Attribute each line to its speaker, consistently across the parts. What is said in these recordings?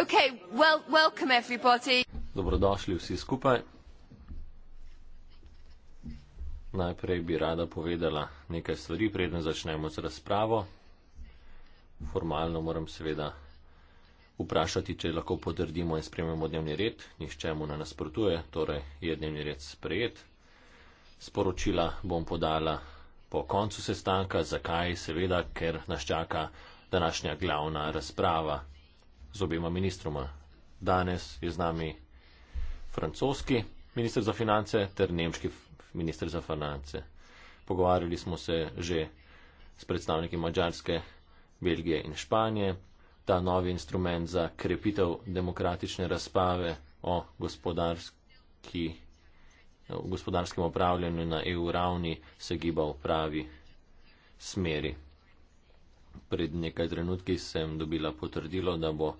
Speaker 1: Okay, well, welcome everybody.
Speaker 2: Dobrodošli vsi skupaj. Najprej bi rada povedala nekaj stvari, preden začnemo z razpravo. Formalno moram seveda vprašati, če lahko potrdimo in spremljamo dnevni red. Nihče mu ne nasprotuje, torej je dnevni red sprejet. Sporočila bom podala po koncu sestanka. Zakaj? Seveda, ker nas čaka današnja glavna razprava z obima ministroma. Danes je z nami francoski minister za finance ter nemški minister za finance. Pogovarjali smo se že s predstavniki Mačarske, Belgije in Španije. Ta novi instrument za krepitev demokratične razprave o gospodarski, gospodarskem upravljanju na EU ravni se giba v pravi smeri pred nekaj trenutki sem dobila potrdilo, da bo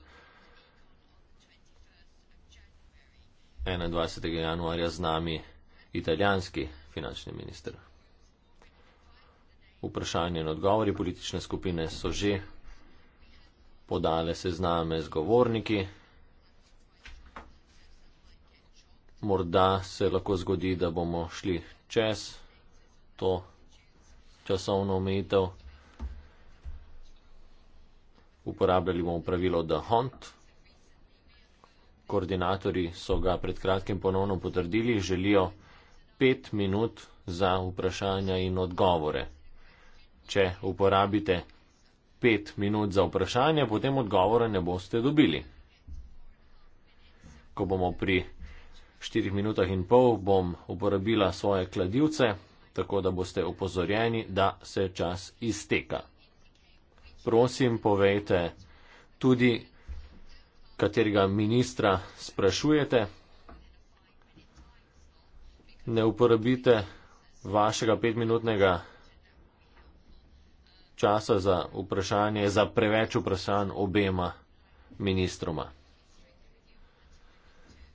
Speaker 2: 21. januarja z nami italijanski finančni minister. Vprašanje in odgovori politične skupine so že podale sezname z govorniki. Morda se lahko zgodi, da bomo šli čez to časovno omejitev uporabljali bomo pravilo The Hunt. Koordinatori so ga pred kratkim ponovno potrdili, želijo pet minut za vprašanja in odgovore. Če uporabite pet minut za vprašanje, potem odgovore ne boste dobili. Ko bomo pri štirih minutah in pol, bom uporabila svoje kladivce, tako da boste opozorjeni, da se čas izteka prosim povejte tudi, katerega ministra sprašujete. Ne uporabite vašega petminutnega časa za vprašanje, za preveč vprašanj obema ministroma.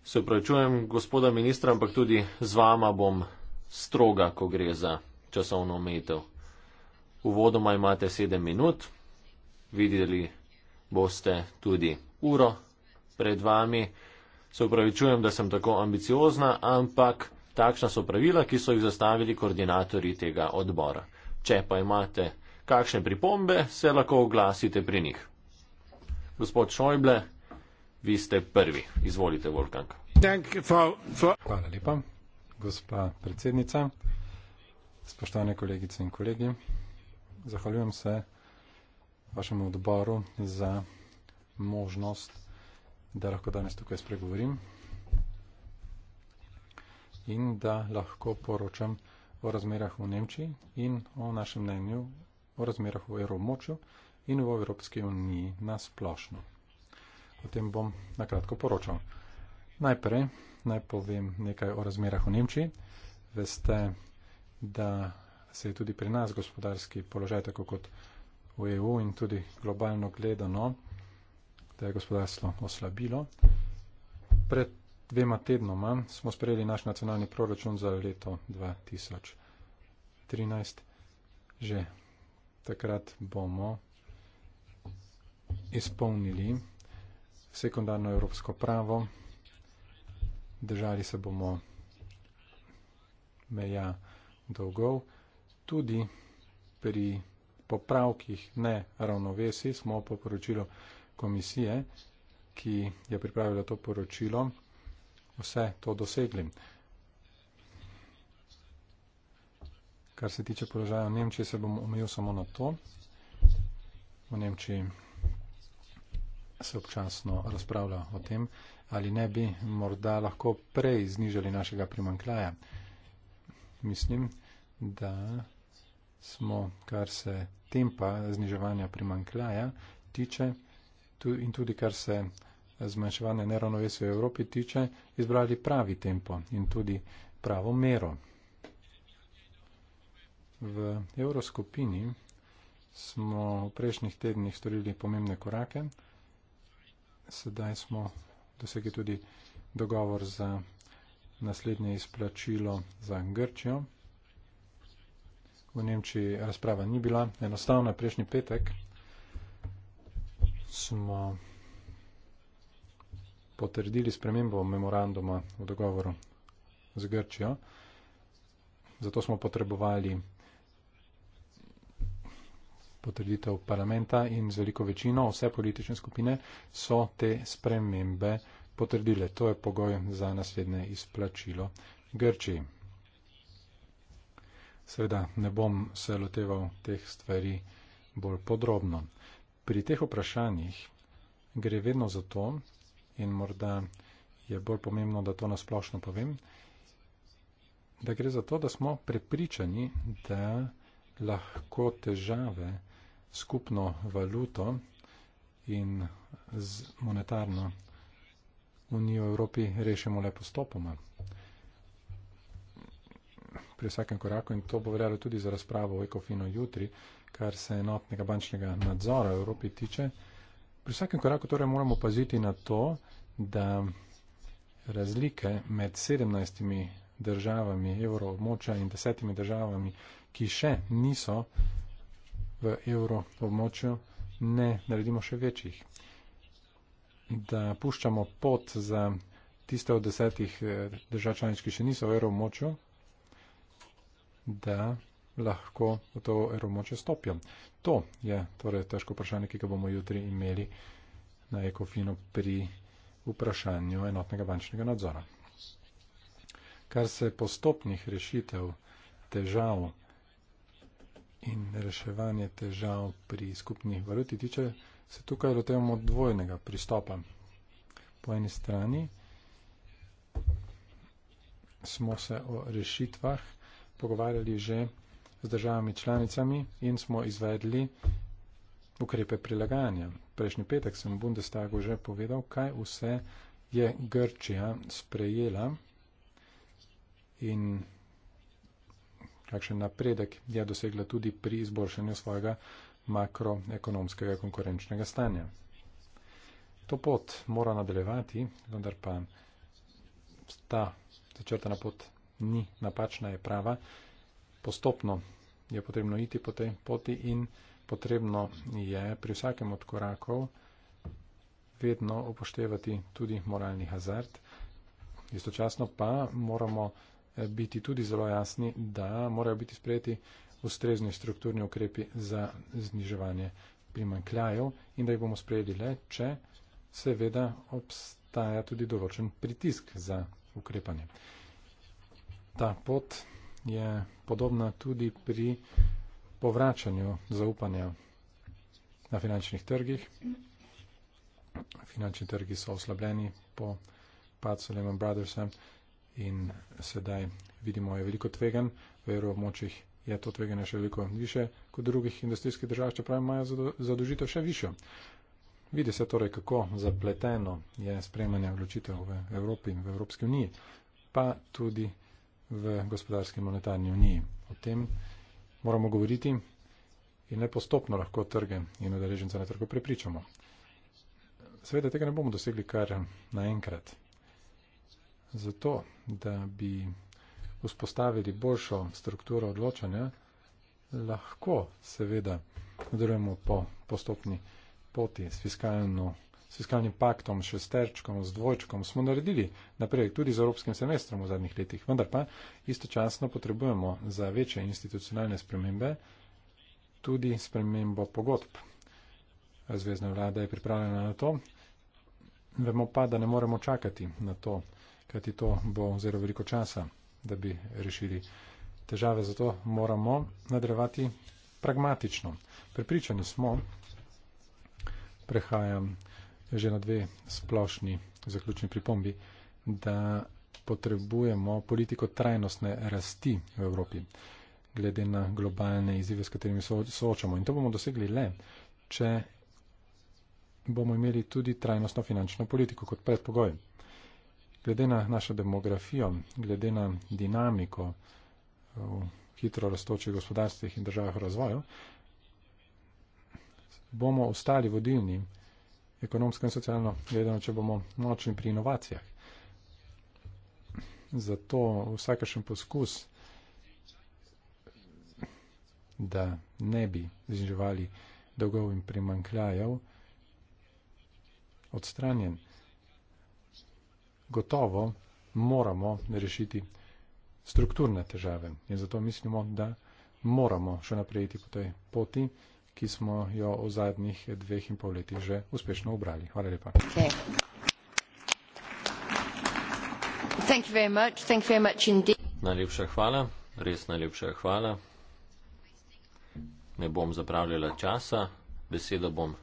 Speaker 2: Se upravičujem, gospoda ministra, ampak tudi z vama bom stroga, ko gre za časovno omejitev. Uvodoma imate sedem minut videli boste tudi uro pred vami. Se upravičujem, da sem tako ambiciozna, ampak takšna so pravila, ki so jih zastavili koordinatori tega odbora. Če pa imate kakšne pripombe, se lahko oglasite pri njih. Gospod Šojble, vi ste prvi. Izvolite, Volkank.
Speaker 3: Hvala lepa, gospa predsednica. Spoštovane kolegice in kolegi, zahvaljujem se vašemu odboru za možnost, da lahko danes tukaj spregovorim in da lahko poročam o razmerah v Nemčiji in o našem mnenju o razmerah v Evromočju in v Evropski uniji na splošno. O tem bom nakratko poročal. Najprej naj povem nekaj o razmerah v Nemčiji. Veste, da se je tudi pri nas gospodarski položaj tako kot v EU in tudi globalno gledano, da je gospodarstvo oslabilo. Pred dvema tednoma smo sprejeli naš nacionalni proračun za leto 2013. Že takrat bomo izpolnili sekundarno evropsko pravo, držali se bomo meja dolgov, tudi pri popravkih ne ravnovesi, smo po poročilu komisije, ki je pripravila to poročilo, vse to dosegli. Kar se tiče položaja v Nemčiji, se bom omejil samo na to. V Nemčiji se občasno razpravlja o tem, ali ne bi morda lahko prej znižali našega primankljaja. Mislim, da smo, kar se tempa zniževanja primankljaja tiče in tudi kar se zmanjševanja neravnovesja v Evropi tiče, izbrali pravi tempo in tudi pravo mero. V evroskupini smo v prejšnjih tednih storili pomembne korake, sedaj smo dosegli tudi dogovor za naslednje izplačilo za Grčijo v Nemčiji razprava ni bila. Enostavno, prejšnji petek smo potrdili spremembo memoranduma v dogovoru z Grčijo. Zato smo potrebovali potrditev parlamenta in z veliko večino vse politične skupine so te spremembe potrdile. To je pogoj za naslednje izplačilo Grčiji. Seveda ne bom se loteval teh stvari bolj podrobno. Pri teh vprašanjih gre vedno za to in morda je bolj pomembno, da to nasplošno povem, da gre za to, da smo prepričani, da lahko težave skupno valuto in z monetarno unijo Evropi rešimo le postopoma pri vsakem koraku in to bo verjalo tudi za razpravo o ekofino jutri, kar se enotnega bančnega nadzora v Evropi tiče. Pri vsakem koraku torej moramo paziti na to, da razlike med 17 državami evroobmoča in 10 državami, ki še niso v evroobmoču, ne naredimo še večjih. Da puščamo pot za tiste od desetih eh, držav članic, ki še niso v evroobmoču, da lahko v to eromoče stopijo. To je torej težko vprašanje, ki ga bomo jutri imeli na ekofino pri vprašanju enotnega bančnega nadzora. Kar se postopnih rešitev težav in reševanje težav pri skupni valuti tiče, se tukaj lotevamo dvojnega pristopa. Po eni strani smo se o rešitvah, pogovarjali že z državami članicami in smo izvedli ukrepe prilagajanja. Prejšnji petek sem v Bundestagu že povedal, kaj vse je Grčija sprejela in kakšen napredek je dosegla tudi pri izboljšanju svojega makroekonomskega konkurenčnega stanja. To pot mora nadaljevati, vendar pa ta začrtana pot ni napačna, je prava. Postopno je potrebno iti po tej poti in potrebno je pri vsakem od korakov vedno upoštevati tudi moralni hazard. Istočasno pa moramo eh, biti tudi zelo jasni, da morajo biti sprejeti ustrezni strukturni ukrepi za zniževanje primankljajev in da jih bomo sprejeli le, če seveda obstaja tudi določen pritisk za ukrepanje ta pot je podobna tudi pri povračanju zaupanja na finančnih trgih. Finančni trgi so oslabljeni po padcu Lehman Brothersa in sedaj vidimo, je veliko tvegan. V evroobmočjih je to tveganje še veliko više kot drugih industrijskih držav, čeprav imajo zadožitev še višjo. Vidi se torej, kako zapleteno je spremanje odločitev v Evropi in v Evropski uniji, pa tudi v gospodarski monetarni uniji. O tem moramo govoriti in le postopno lahko trge in udeležence na trgu prepričamo. Seveda tega ne bomo dosegli kar naenkrat. Zato, da bi vzpostavili boljšo strukturo odločanja, lahko seveda nadaljujemo po postopni poti s fiskalno s fiskalnim paktom, šesterčkom, z dvojčkom smo naredili napredek tudi z evropskim semestrom v zadnjih letih, vendar pa istočasno potrebujemo za večje institucionalne spremembe tudi spremembo pogodb. Zvezdna vlada je pripravljena na to. Vemo pa, da ne moremo čakati na to, kajti to bo zelo veliko časa, da bi rešili težave. Zato moramo nadrevati pragmatično. Pripričani smo, prehajam že na dve splošni zaključni pripombi, da potrebujemo politiko trajnostne rasti v Evropi, glede na globalne izzive, s katerimi soočamo. In to bomo dosegli le, če bomo imeli tudi trajnostno finančno politiko kot predpogoj. Glede na našo demografijo, glede na dinamiko v hitro raztočih gospodarstvih in državah v razvoju, bomo ostali vodilni ekonomsko in socialno gledano, če bomo močni pri inovacijah. Zato vsakašen poskus, da ne bi zniževali dolgov in primankljajev, odstranjen. Gotovo moramo rešiti strukturne težave in zato mislimo, da moramo še naprej iti po tej poti ki smo jo v zadnjih dveh in pol letih že uspešno obrali. Hvala lepa.
Speaker 2: Najlepša hvala, res najlepša hvala. Ne bom zapravljala časa, besedo bom.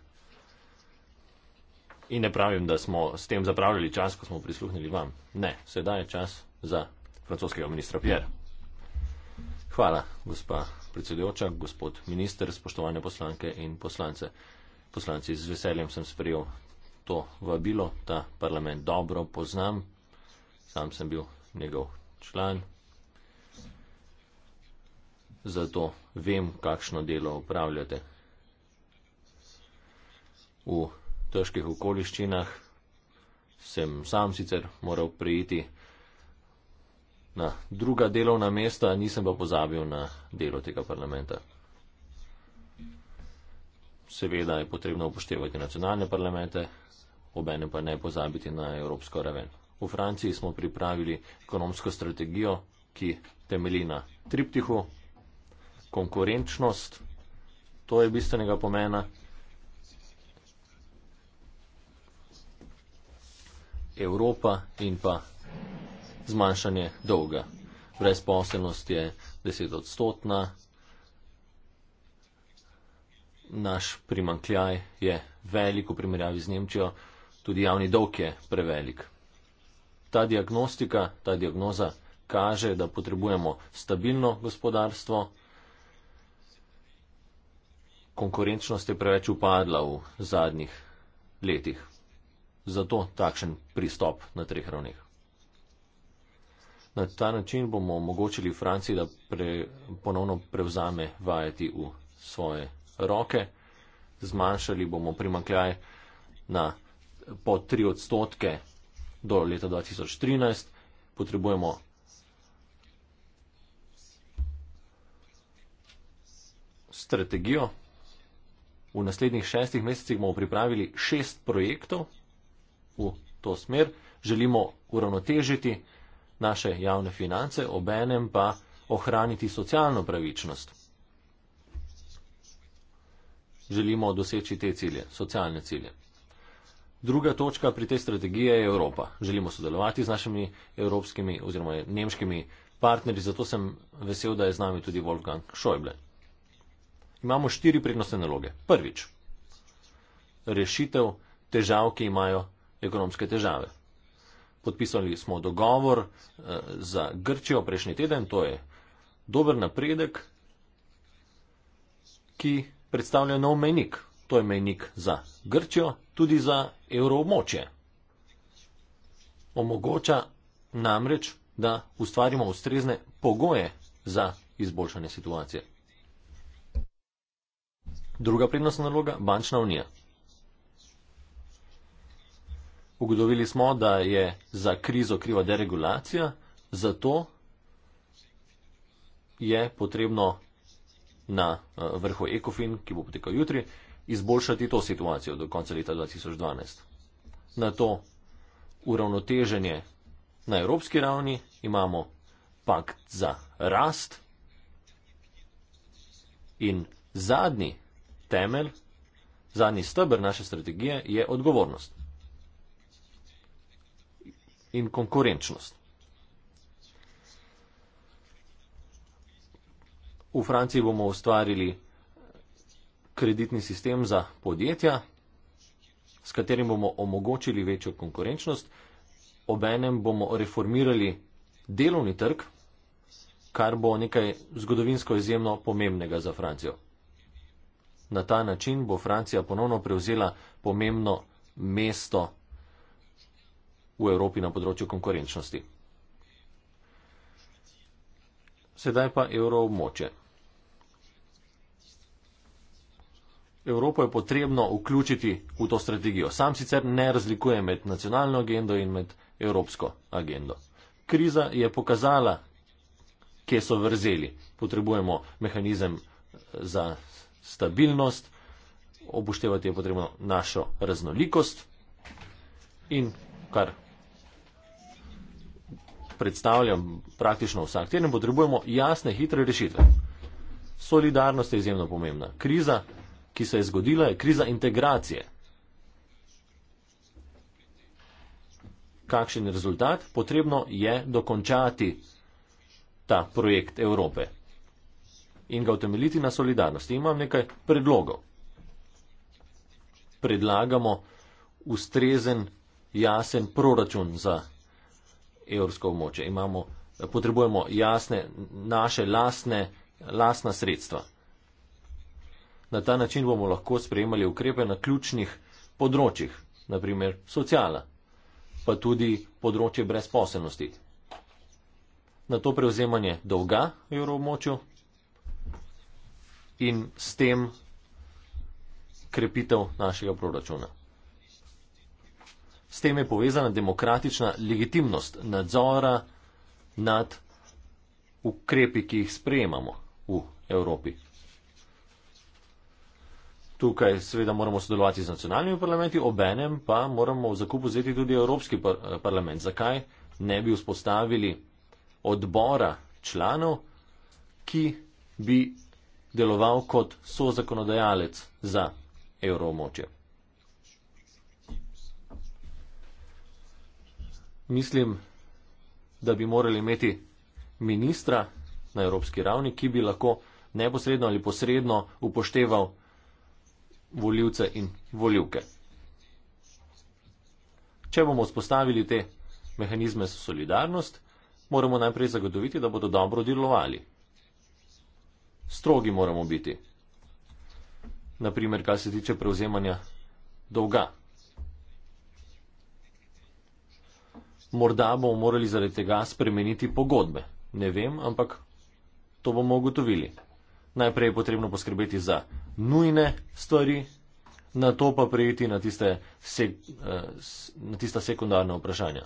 Speaker 2: In ne pravim, da smo s tem zapravljali čas, ko smo prisluhnili vam. Ne, sedaj je čas za francoskega ministra Pierre. Hvala, gospa predsedujoča, gospod minister, spoštovane poslanke in poslance. Poslanci, z veseljem sem sprejel to vabilo, ta parlament dobro poznam, sam sem bil njegov član, zato vem, kakšno delo upravljate. V težkih okoliščinah sem sam sicer moral prijeti na druga delovna mesta, nisem pa pozabil na delo tega parlamenta. Seveda je potrebno upoštevati nacionalne parlamente, obene pa ne pozabiti na evropsko raven. V Franciji smo pripravili ekonomsko strategijo, ki temelji na triptihu, konkurenčnost, to je bistvenega pomena, Evropa in pa zmanjšanje dolga. Brezposelnost je desetodstotna, naš primankljaj je velik v primerjavi z Nemčijo, tudi javni dolg je prevelik. Ta diagnostika, ta diagnoza kaže, da potrebujemo stabilno gospodarstvo. Konkurenčnost je preveč upadla v zadnjih letih. Zato takšen pristop na treh ravneh. Na ta način bomo omogočili Franciji, da pre, ponovno prevzame vajeti v svoje roke. Zmanjšali bomo primankljaj na po 3 odstotke do leta 2013. Potrebujemo strategijo. V naslednjih šestih mesecih bomo pripravili šest projektov v to smer. Želimo uravnotežiti naše javne finance, obenem pa ohraniti socialno pravičnost. Želimo doseči te cilje, socialne cilje. Druga točka pri tej strategiji je Evropa. Želimo sodelovati z našimi evropskimi oziroma nemškimi partnerji, zato sem vesel, da je z nami tudi Wolfgang Schäuble. Imamo štiri prednostne naloge. Prvič, rešitev težav, ki imajo ekonomske težave. Podpisali smo dogovor eh, za Grčijo prejšnji teden, to je dober napredek, ki predstavlja nov mejnik. To je mejnik za Grčijo, tudi za evroobmočje. Omogoča namreč, da ustvarimo ustrezne pogoje za izboljšanje situacije. Druga prednostna naloga - bančna unija. Ugotovili smo, da je za krizo kriva deregulacija, zato je potrebno na eh, vrhu ECOFIN, ki bo potekal jutri, izboljšati to situacijo do konca leta 2012. Na to uravnoteženje na evropski ravni imamo pakt za rast in zadnji temelj, zadnji stebr naše strategije je odgovornost in konkurenčnost. V Franciji bomo ustvarili kreditni sistem za podjetja, s katerim bomo omogočili večjo konkurenčnost, obenem bomo reformirali delovni trg, kar bo nekaj zgodovinsko izjemno pomembnega za Francijo. Na ta način bo Francija ponovno prevzela pomembno mesto v Evropi na področju konkurenčnosti. Sedaj pa evro območje. Evropo je potrebno vključiti v to strategijo. Sam sicer ne razlikujem med nacionalno agendo in med evropsko agendo. Kriza je pokazala, kje so vrzeli. Potrebujemo mehanizem eh, za stabilnost, obuštevati je potrebno našo raznolikost in kar predstavljam praktično vsak teden, potrebujemo jasne, hitre rešitve. Solidarnost je izjemno pomembna. Kriza, ki se je zgodila, je kriza integracije. Kakšen je rezultat? Potrebno je dokončati ta projekt Evrope in ga utemeljiti na solidarnosti. Imam nekaj predlogov. Predlagamo ustrezen, jasen proračun za evrsko območje. Imamo, potrebujemo jasne naše lasne, lasna sredstva. Na ta način bomo lahko sprejemali ukrepe na ključnih področjih, naprimer sociala, pa tudi področje brezposelnosti. Na to prevzemanje dolga evroobmočju in s tem krepitev našega proračuna. S tem je povezana demokratična legitimnost nadzora nad ukrepi, ki jih sprejemamo v Evropi. Tukaj seveda moramo sodelovati z nacionalnimi parlamenti, obenem pa moramo v zakup vzeti tudi Evropski par eh, parlament. Zakaj ne bi vzpostavili odbora članov, ki bi deloval kot sozakonodajalec za evromočje? mislim, da bi morali imeti ministra na evropski ravni, ki bi lahko neposredno ali posredno upošteval voljivce in voljivke. Če bomo vzpostavili te mehanizme za solidarnost, moramo najprej zagotoviti, da bodo dobro delovali. Strogi moramo biti. Naprimer, kar se tiče prevzemanja dolga. Morda bomo morali zaradi tega spremeniti pogodbe. Ne vem, ampak to bomo ugotovili. Najprej je potrebno poskrbeti za nujne stvari, na to pa prejiti na, tiste, eh, na tista sekundarna vprašanja.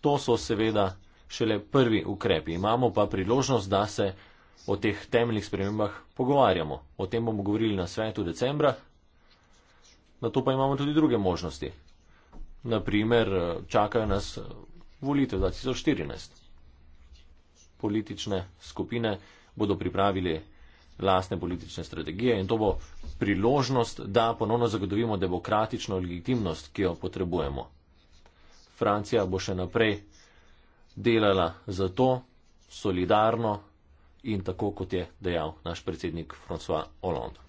Speaker 2: To so seveda šele prvi ukrepi. Imamo pa priložnost, da se o teh temeljnih spremembah pogovarjamo. O tem bomo govorili na svetu decembra. Na to pa imamo tudi druge možnosti. Naprimer, eh, čakajo nas eh, volitev 2014. Politične skupine bodo pripravili lastne politične strategije in to bo priložnost, da ponovno zagotovimo demokratično legitimnost, ki jo potrebujemo. Francija bo še naprej delala za to solidarno in tako, kot je dejal naš predsednik François Hollande.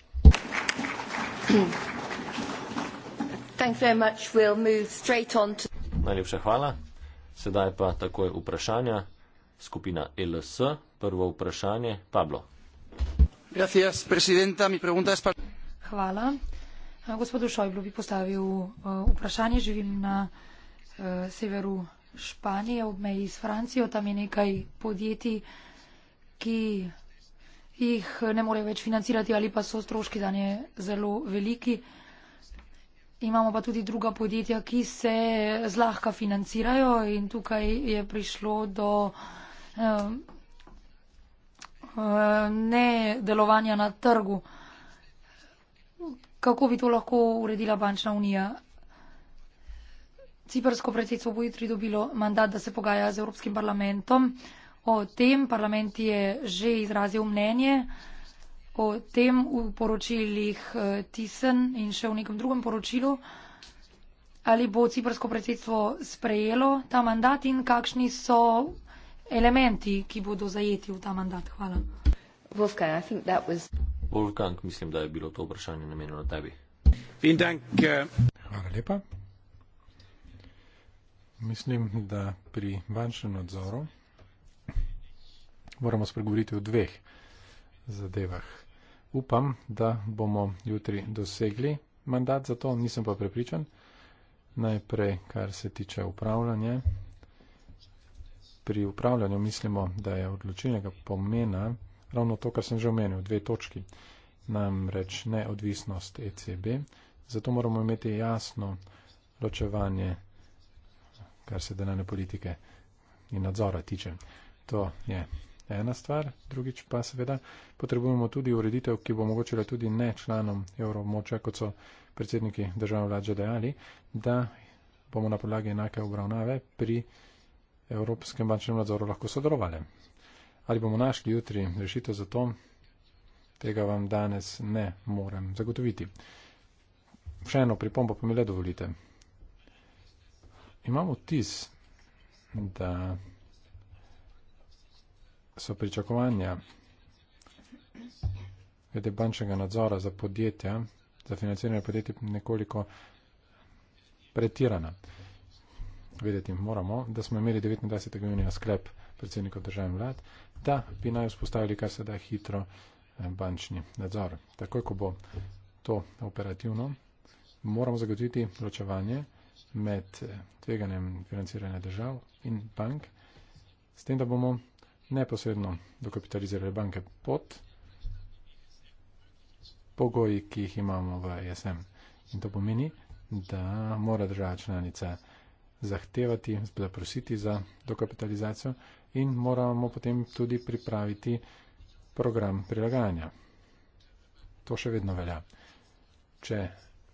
Speaker 2: 嗯。
Speaker 1: Thanks very much. We'll move straight on to...
Speaker 2: Najlepša hvala. Sedaj pa takoj vprašanja. Skupina LS. Prvo vprašanje. Pablo. Gracias, presidenta. Mi pregunta es...
Speaker 1: Hvala. Eh, Gospodu Šojblu bi postavil eh, vprašanje. Živim na eh, severu Španije, ob meji s Francijo. Tam je nekaj podjetij, ki jih ne morejo več financirati ali pa so stroški danje zelo veliki imamo pa tudi druga podjetja, ki se zlahka financirajo in tukaj je prišlo do eh, eh, nedelovanja na trgu. Kako bi to lahko uredila bančna unija? Cipersko predsedstvo bo jutri dobilo mandat, da se pogaja z Evropskim parlamentom. O tem parlament je že izrazil mnenje o tem v poročilih eh, Tisen in še v nekem drugem poročilu. Ali bo ciprsko predsedstvo sprejelo ta mandat in kakšni so elementi, ki bodo zajeti v ta mandat? Hvala. Wolfgang, was...
Speaker 2: Wolfgang mislim, da je bilo to vprašanje namenjeno tebi. Eh. Hvala
Speaker 3: lepa. Mislim, da pri bančnem nadzoru moramo spregovoriti o dveh zadevah upam, da bomo jutri dosegli mandat, zato nisem pa prepričan. Najprej, kar se tiče upravljanja. Pri upravljanju mislimo, da je odločilnega pomena ravno to, kar sem že omenil, dve točki, namreč neodvisnost ECB. Zato moramo imeti jasno ločevanje, kar se denarne politike in nadzora tiče. To je ena stvar, drugič pa seveda potrebujemo tudi ureditev, ki bo omogočila tudi ne članom evromoča, kot so predsedniki držav vlade dejali, da bomo na podlagi enake obravnave pri Evropskem bančnem nadzoru lahko sodelovali. Ali bomo našli jutri rešitev za to, tega vam danes ne morem zagotoviti. Še eno pripombo pa mi le dovolite. Imamo tis, da so pričakovanja glede bančnega nadzora za podjetja, za financiranje podjetij nekoliko pretirana. Vedeti moramo, da smo imeli 29. junija sklep predsednikov državnih vlad, da bi naj vzpostavili kar se da hitro eh, bančni nadzor. Takoj, ko bo to operativno, moramo zagotoviti ločevanje med eh, tveganjem financiranja držav in bank, s tem, da bomo neposredno dokapitalizirale banke pod pogoji, ki jih imamo v ESM. In to pomeni, da mora država članica zahtevati, zaprositi za dokapitalizacijo in moramo potem tudi pripraviti program prilagajanja. To še vedno velja. Če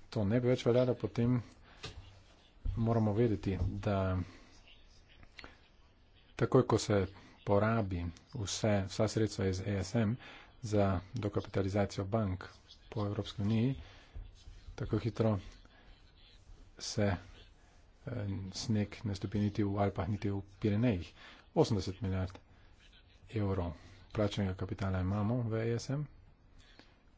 Speaker 3: to ne bi več veljalo, potem moramo vedeti, da takoj, ko se porabi vse, vsa sredstva iz ESM za dokapitalizacijo bank po Evropski uniji, tako hitro se eh, sneg ne stopi niti v Alpah, niti v Pirenejih. 80 milijard evrov plačenega kapitala imamo v ESM,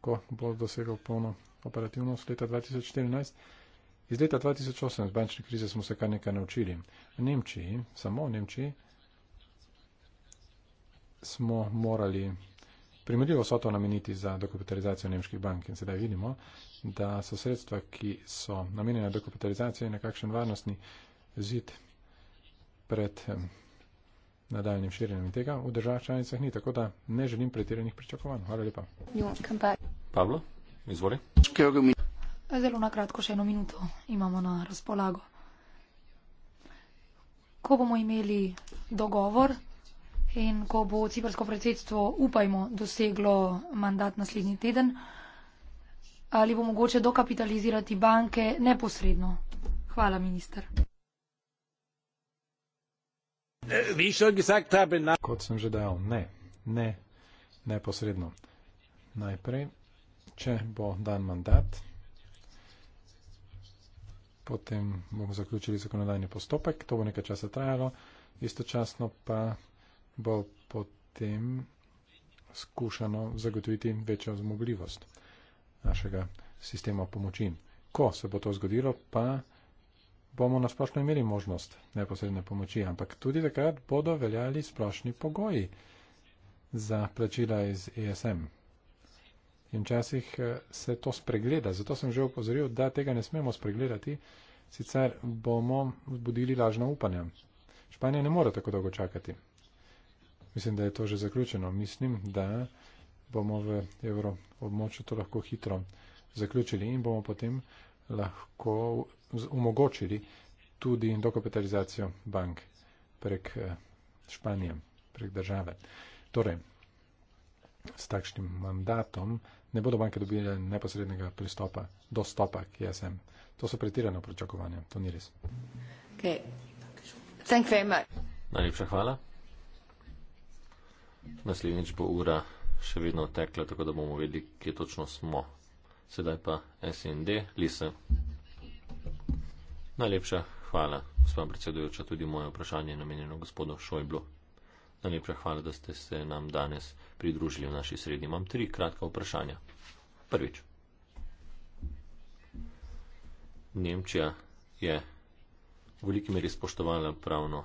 Speaker 3: ko bo dosegal polno operativnost leta 2014. Iz leta 2008 z bančne krize smo se kar nekaj naučili. V Nemčiji, samo v Nemčiji, smo morali primerljivo so to nameniti za dokapitalizacijo nemških bank in sedaj vidimo, da so sredstva, ki so namenjene dokapitalizaciji, nekakšen varnostni zid pred nadaljnim širjenjem tega v državah članicah ni, tako da ne želim pretiranih pričakovanj. Hvala lepa. Pablo, izvoli.
Speaker 1: Zelo na kratko še eno minuto imamo na razpolago. Ko bomo imeli dogovor, in ko bo ciprsko predsedstvo, upajmo, doseglo mandat naslednji teden, ali bo mogoče dokapitalizirati banke neposredno. Hvala, minister.
Speaker 3: Eh, Kot sem že dejal, ne, ne, neposredno. Najprej, če bo dan mandat, potem bomo zaključili zakonodajni postopek, to bo nekaj časa trajalo, istočasno pa bo potem skušano zagotoviti večjo zmogljivost našega sistema pomoči. Ko se bo to zgodilo, pa bomo na splošno imeli možnost neposredne pomoči, ampak tudi takrat bodo veljali splošni pogoji za plačila iz ESM. In včasih eh, se to spregleda, zato sem že upozoril, da tega ne smemo spregledati, sicer bomo vzbudili lažna upanja. Španija ne more tako dolgo čakati mislim, da je to že zaključeno. Mislim, da bomo v evroobmočju to lahko hitro zaključili in bomo potem lahko omogočili tudi dokapitalizacijo bank prek eh, Španije, prek države. Torej, s takšnim mandatom ne bodo banke dobile neposrednega pristopa, dostopa k JSM. To so pretirano pričakovanja, to ni res.
Speaker 1: Okay.
Speaker 2: Najlepša hvala. Naslednjič bo ura še vedno tekla, tako da bomo vedeli, kje točno smo. Sedaj pa SND, Lise. Najlepša hvala, gospod predsedujoča, tudi moje vprašanje je namenjeno gospodu Šojblu. Najlepša hvala, da ste se nam danes pridružili v naši sredi. Imam tri kratka vprašanja. Prvič. Nemčija je v veliki meri spoštovala pravno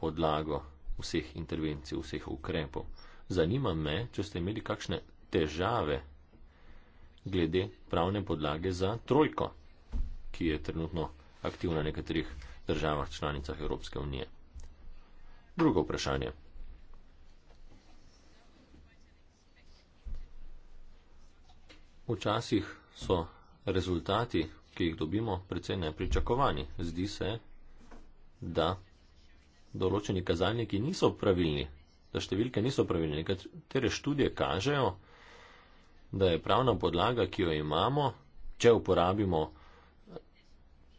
Speaker 2: podlago vseh intervencij, vseh ukrepov. Zanima me, če ste imeli kakšne težave glede pravne podlage za trojko, ki je trenutno aktivna v nekaterih državah članicah Evropske unije. Drugo vprašanje. Včasih so rezultati, ki jih dobimo, precej nepričakovani. Zdi se, da določeni kazalniki niso pravilni, da številke niso pravilne. Nekatere študije kažejo, da je pravna podlaga, ki jo imamo, če uporabimo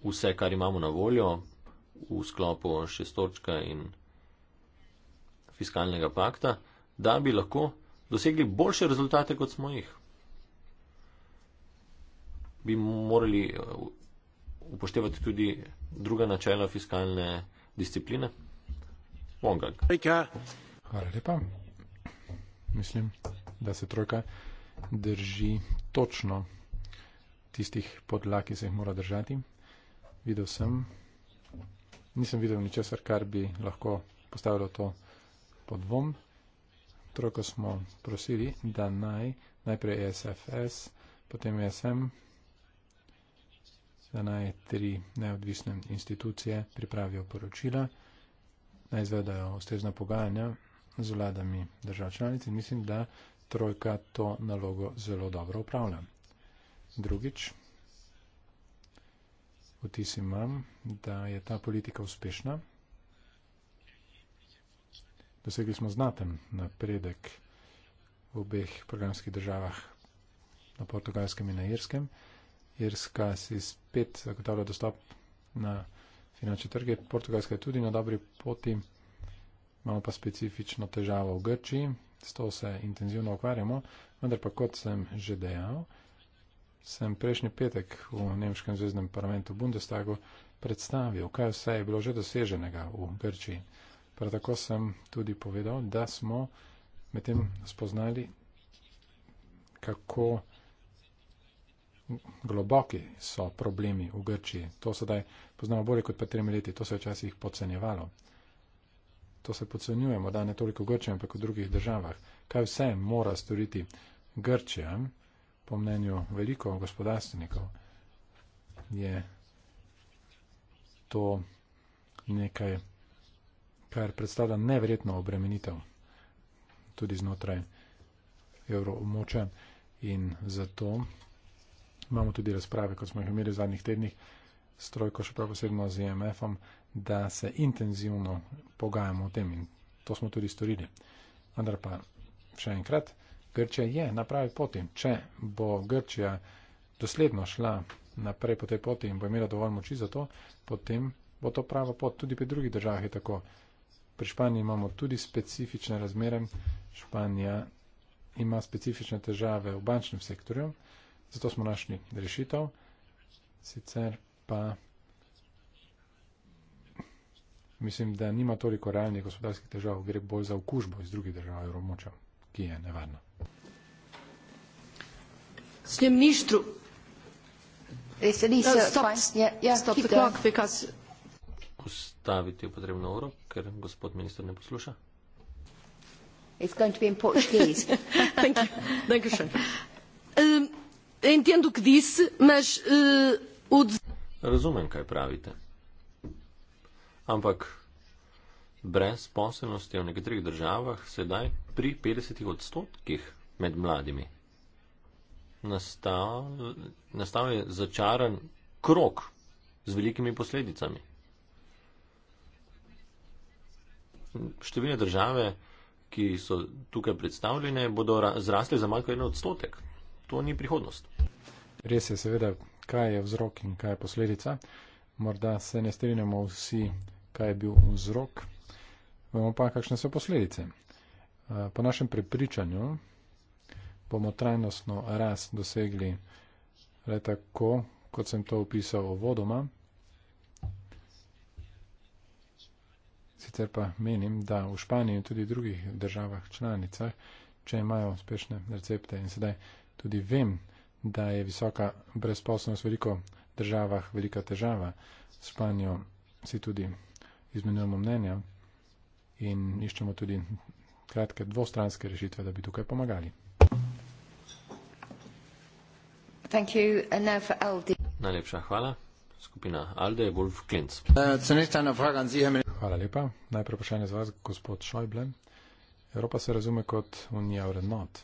Speaker 2: vse, kar imamo na voljo v sklopu šestorčka in fiskalnega pakta, da bi lahko dosegli boljše rezultate, kot smo jih. Bi morali eh, upoštevati tudi druga načela fiskalne discipline. Wongang.
Speaker 3: Hvala lepa. Mislim, da se trojka drži točno tistih podlag, ki se jih mora držati. Videl sem, nisem videl ničesar, kar bi lahko postavilo to pod dvom. Trojko smo prosili, da naj najprej SFS, e potem e SM, da naj tri neodvisne institucije pripravijo poročila naj izvedajo ustrezna pogajanja z vladami držav članic in mislim, da trojka to nalogo zelo dobro upravlja. Drugič, vtis imam, da je ta politika uspešna. Dosegli smo znaten napredek v obeh programskih državah na portugalskem in na irskem. Irska si spet zagotavlja dostop na finančne trge. Portugalska je tudi na dobri poti, imamo pa specifično težavo v Grčiji, s to se intenzivno ukvarjamo, vendar pa kot sem že dejal, sem prejšnji petek v Nemškem zvezdnem parlamentu Bundestagu predstavil, kaj vse je bilo že doseženega v Grčiji. Prav tako sem tudi povedal, da smo med tem spoznali, kako globoki so problemi v Grčiji. To sedaj poznamo bolje kot pred tremi leti. To se je včasih podcenjevalo. To se podcenjuje, morda ne toliko v Grčiji, ampak v drugih državah. Kaj vse mora storiti Grčija, po mnenju veliko gospodarstvenikov, je to nekaj, kar predstavlja neverjetno obremenitev tudi znotraj evroomoča in zato imamo tudi razprave, kot smo jih imeli v zadnjih tednih, s trojko, še prav posebno z IMF-om, e da se intenzivno pogajamo o tem in to smo tudi storili. Vendar pa še enkrat, Grčija je na pravi poti. Če bo Grčija dosledno šla naprej po tej poti in bo imela dovolj moči za to, potem bo to prava pot. Tudi pri drugih državah je tako. Pri Španiji imamo tudi specifične razmere. Španija ima specifične težave v bančnem sektorju, zato smo našli rešitev. Sicer pa mislim, da nima toliko realnih gospodarskih držav, gre bolj za okužbo iz drugih držav Evromoča, ki je nevarna.
Speaker 1: Sjem ministru.
Speaker 2: Ustaviti je potrebno uro, ker gospod minister ne posluša.
Speaker 1: It's going to be in Portuguese. Thank you. Thank you, ähm, Entendo o que disse, mas uh, o.
Speaker 2: Razumem, kaj pravite. Ampak brezposelnost je v nekaterih državah sedaj pri 50 odstotkih med mladimi. Nastal, nastal je začaran krok z velikimi posledicami. Številne države, ki so tukaj predstavljene, bodo zrasli za malo en odstotek. To ni
Speaker 3: prihodnost. Res je, seveda, kaj je vzrok in kaj je posledica. Morda se ne strinjamo vsi, kaj je bil vzrok, vemo pa, kakšne so posledice. Po našem prepričanju bomo trajnostno rast dosegli le tako, kot sem to opisal o vodoma. Sicer pa menim, da v Španiji in tudi drugih državah članicah, če imajo uspešne recepte in sedaj tudi vem, da je visoka brezposobnost v veliko državah velika težava. S Španijo si tudi izmenjujemo mnenja in iščemo tudi kratke dvostranske rešitve, da bi tukaj pomagali.
Speaker 2: Najlepša hvala. Skupina Alde je Wolf Klinc. Eh,
Speaker 3: hvala lepa. Najprej vprašanje z vas, gospod Šojble. Evropa se razume kot unija vrednot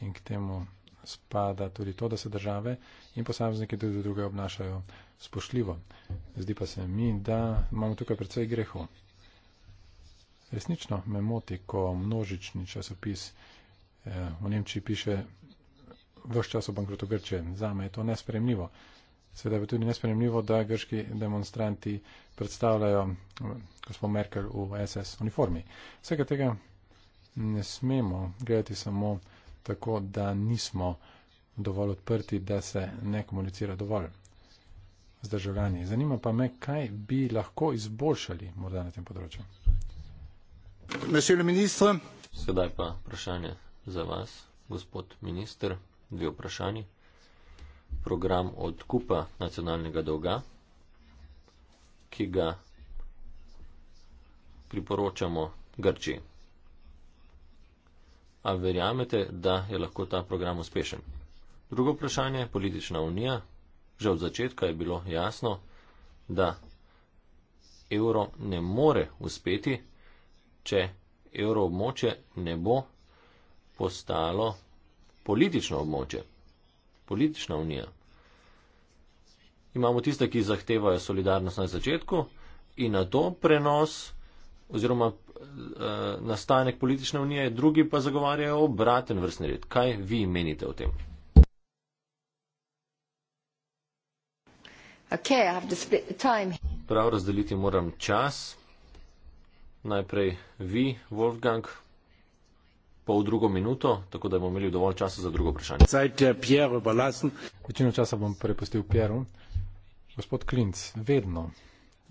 Speaker 3: in k temu spada tudi to, da se države in posamezniki tudi druge obnašajo spoštljivo. Zdi pa se mi, da imamo tukaj predvsej grehu. Resnično me moti, ko množični časopis eh, v Nemčiji piše vse čas o bankrotu Grče. Zame je to nespremljivo. Sveda je tudi nespremljivo, da grški demonstranti predstavljajo gospod Merkel v SS uniformi. Vsega tega ne smemo gledati samo tako, da nismo dovolj odprti, da se ne komunicira dovolj z državljani. Zanima pa me, kaj bi lahko izboljšali morda na tem področju.
Speaker 2: Sedaj pa vprašanje za vas, gospod minister. Dve vprašanje. Program odkupa nacionalnega dolga, ki ga priporočamo Grčiji. A verjamete, da je lahko ta program uspešen? Drugo vprašanje, politična unija. Že od začetka je bilo jasno, da evro ne more uspeti, če evro območje ne bo postalo politično območje. Politična unija. Imamo tiste, ki zahtevajo solidarnost na začetku in na to prenos oziroma Eh, nastanek politične unije, drugi pa zagovarjajo obraten vrstni red. Kaj vi menite o tem?
Speaker 1: Okay,
Speaker 2: Prav razdeliti moram čas. Najprej vi, Wolfgang, pol drugo minuto, tako da bomo imeli dovolj časa za drugo vprašanje.
Speaker 3: Večino časa bom prepustil Pjeru. Gospod Klinc, vedno,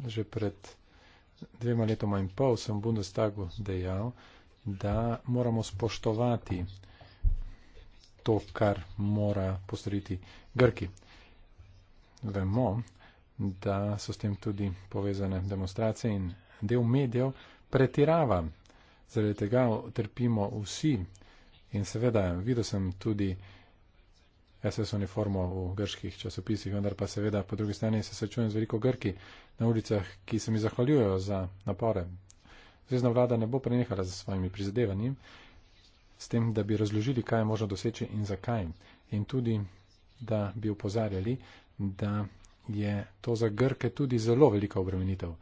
Speaker 3: že pred dvema letoma in pol sem v Bundestagu dejal, da moramo spoštovati to, kar mora postoriti Grki. Vemo, da so s tem tudi povezane demonstracije in del medijev pretirava. Zaradi tega trpimo vsi. In seveda, videl sem tudi SS uniformo v grških časopisih, vendar pa seveda po drugi strani se srečujem z veliko Grki na ulicah, ki se mi zahvaljujo za napore. Zvezdna vlada ne bo prenehala za svojimi prizadevanji, s tem, da bi razložili, kaj je možno doseči in zakaj. In tudi, da bi upozarjali, da je to za Grke tudi zelo velika obremenitev.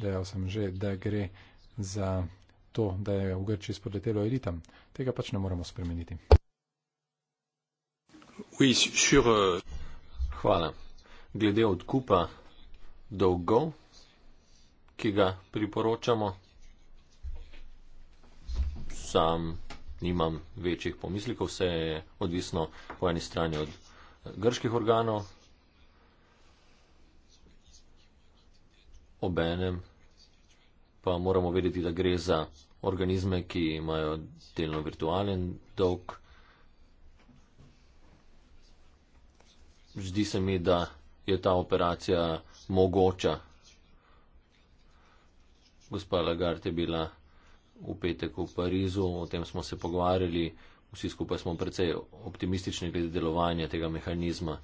Speaker 3: Dejal sem že, da gre za to, da je v Grči spodletelo elitam. Tega pač ne moremo spremeniti.
Speaker 2: Oui, sur, euh... Hvala. Glede odkupa dolgov, ki ga priporočamo, sam nimam večjih pomislikov, vse je odvisno po eni strani od eh, grških organov, obenem pa moramo vedeti, da gre za organizme, ki imajo delno virtualen dolg. zdi se mi, da je ta operacija mogoča. Gospa Lagarde je bila v petek v Parizu, o tem smo se pogovarjali, vsi skupaj smo precej optimistični glede delovanja tega mehanizma.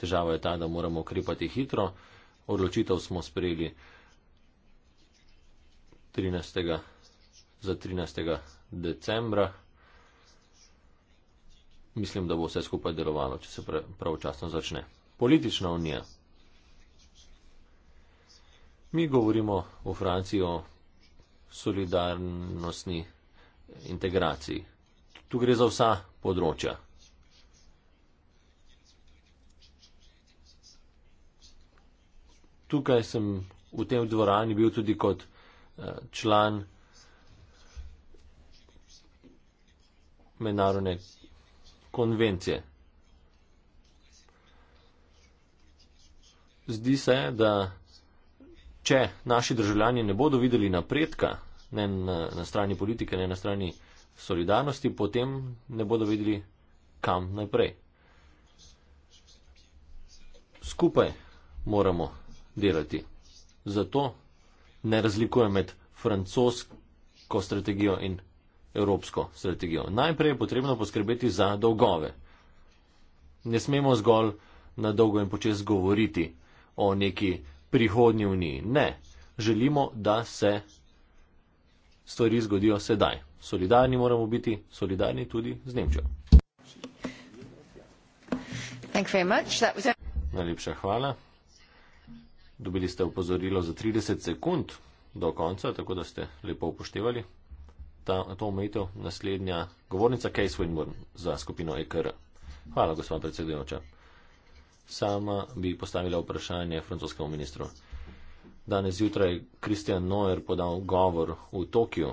Speaker 2: Težava je ta, da moramo ukrepati hitro. Odločitev smo sprejeli 13. za 13. decembra mislim, da bo vse skupaj delovalo, če se pravočasno začne. Politična unija. Mi govorimo v Franciji o solidarnostni integraciji. Tu gre za vsa področja. Tukaj sem v tem dvorani bil tudi kot eh, član mednarodne konvencije. Zdi se, da če naši državljani ne bodo videli napredka, ne na, na strani politike, ne na strani solidarnosti, potem ne bodo videli kam naprej. Skupaj moramo delati. Zato ne razlikujem med francosko strategijo in evropsko strategijo. Najprej je potrebno poskrbeti za dolgove. Ne smemo zgolj na dolgo in počes govoriti o neki prihodnji uniji. Ne, želimo, da se stvari zgodijo sedaj. Solidarni moramo biti, solidarni tudi z Nemčijo. Najlepša hvala. Dobili ste upozorilo za 30 sekund do konca, tako da ste lepo upoštevali ta, na to omejitev. Naslednja govornica Case Winburn za skupino EKR. Hvala, gospod predsedujoča. Sama bi postavila vprašanje francoskemu ministru. Danes zjutraj je Kristjan Noer podal govor v Tokiu,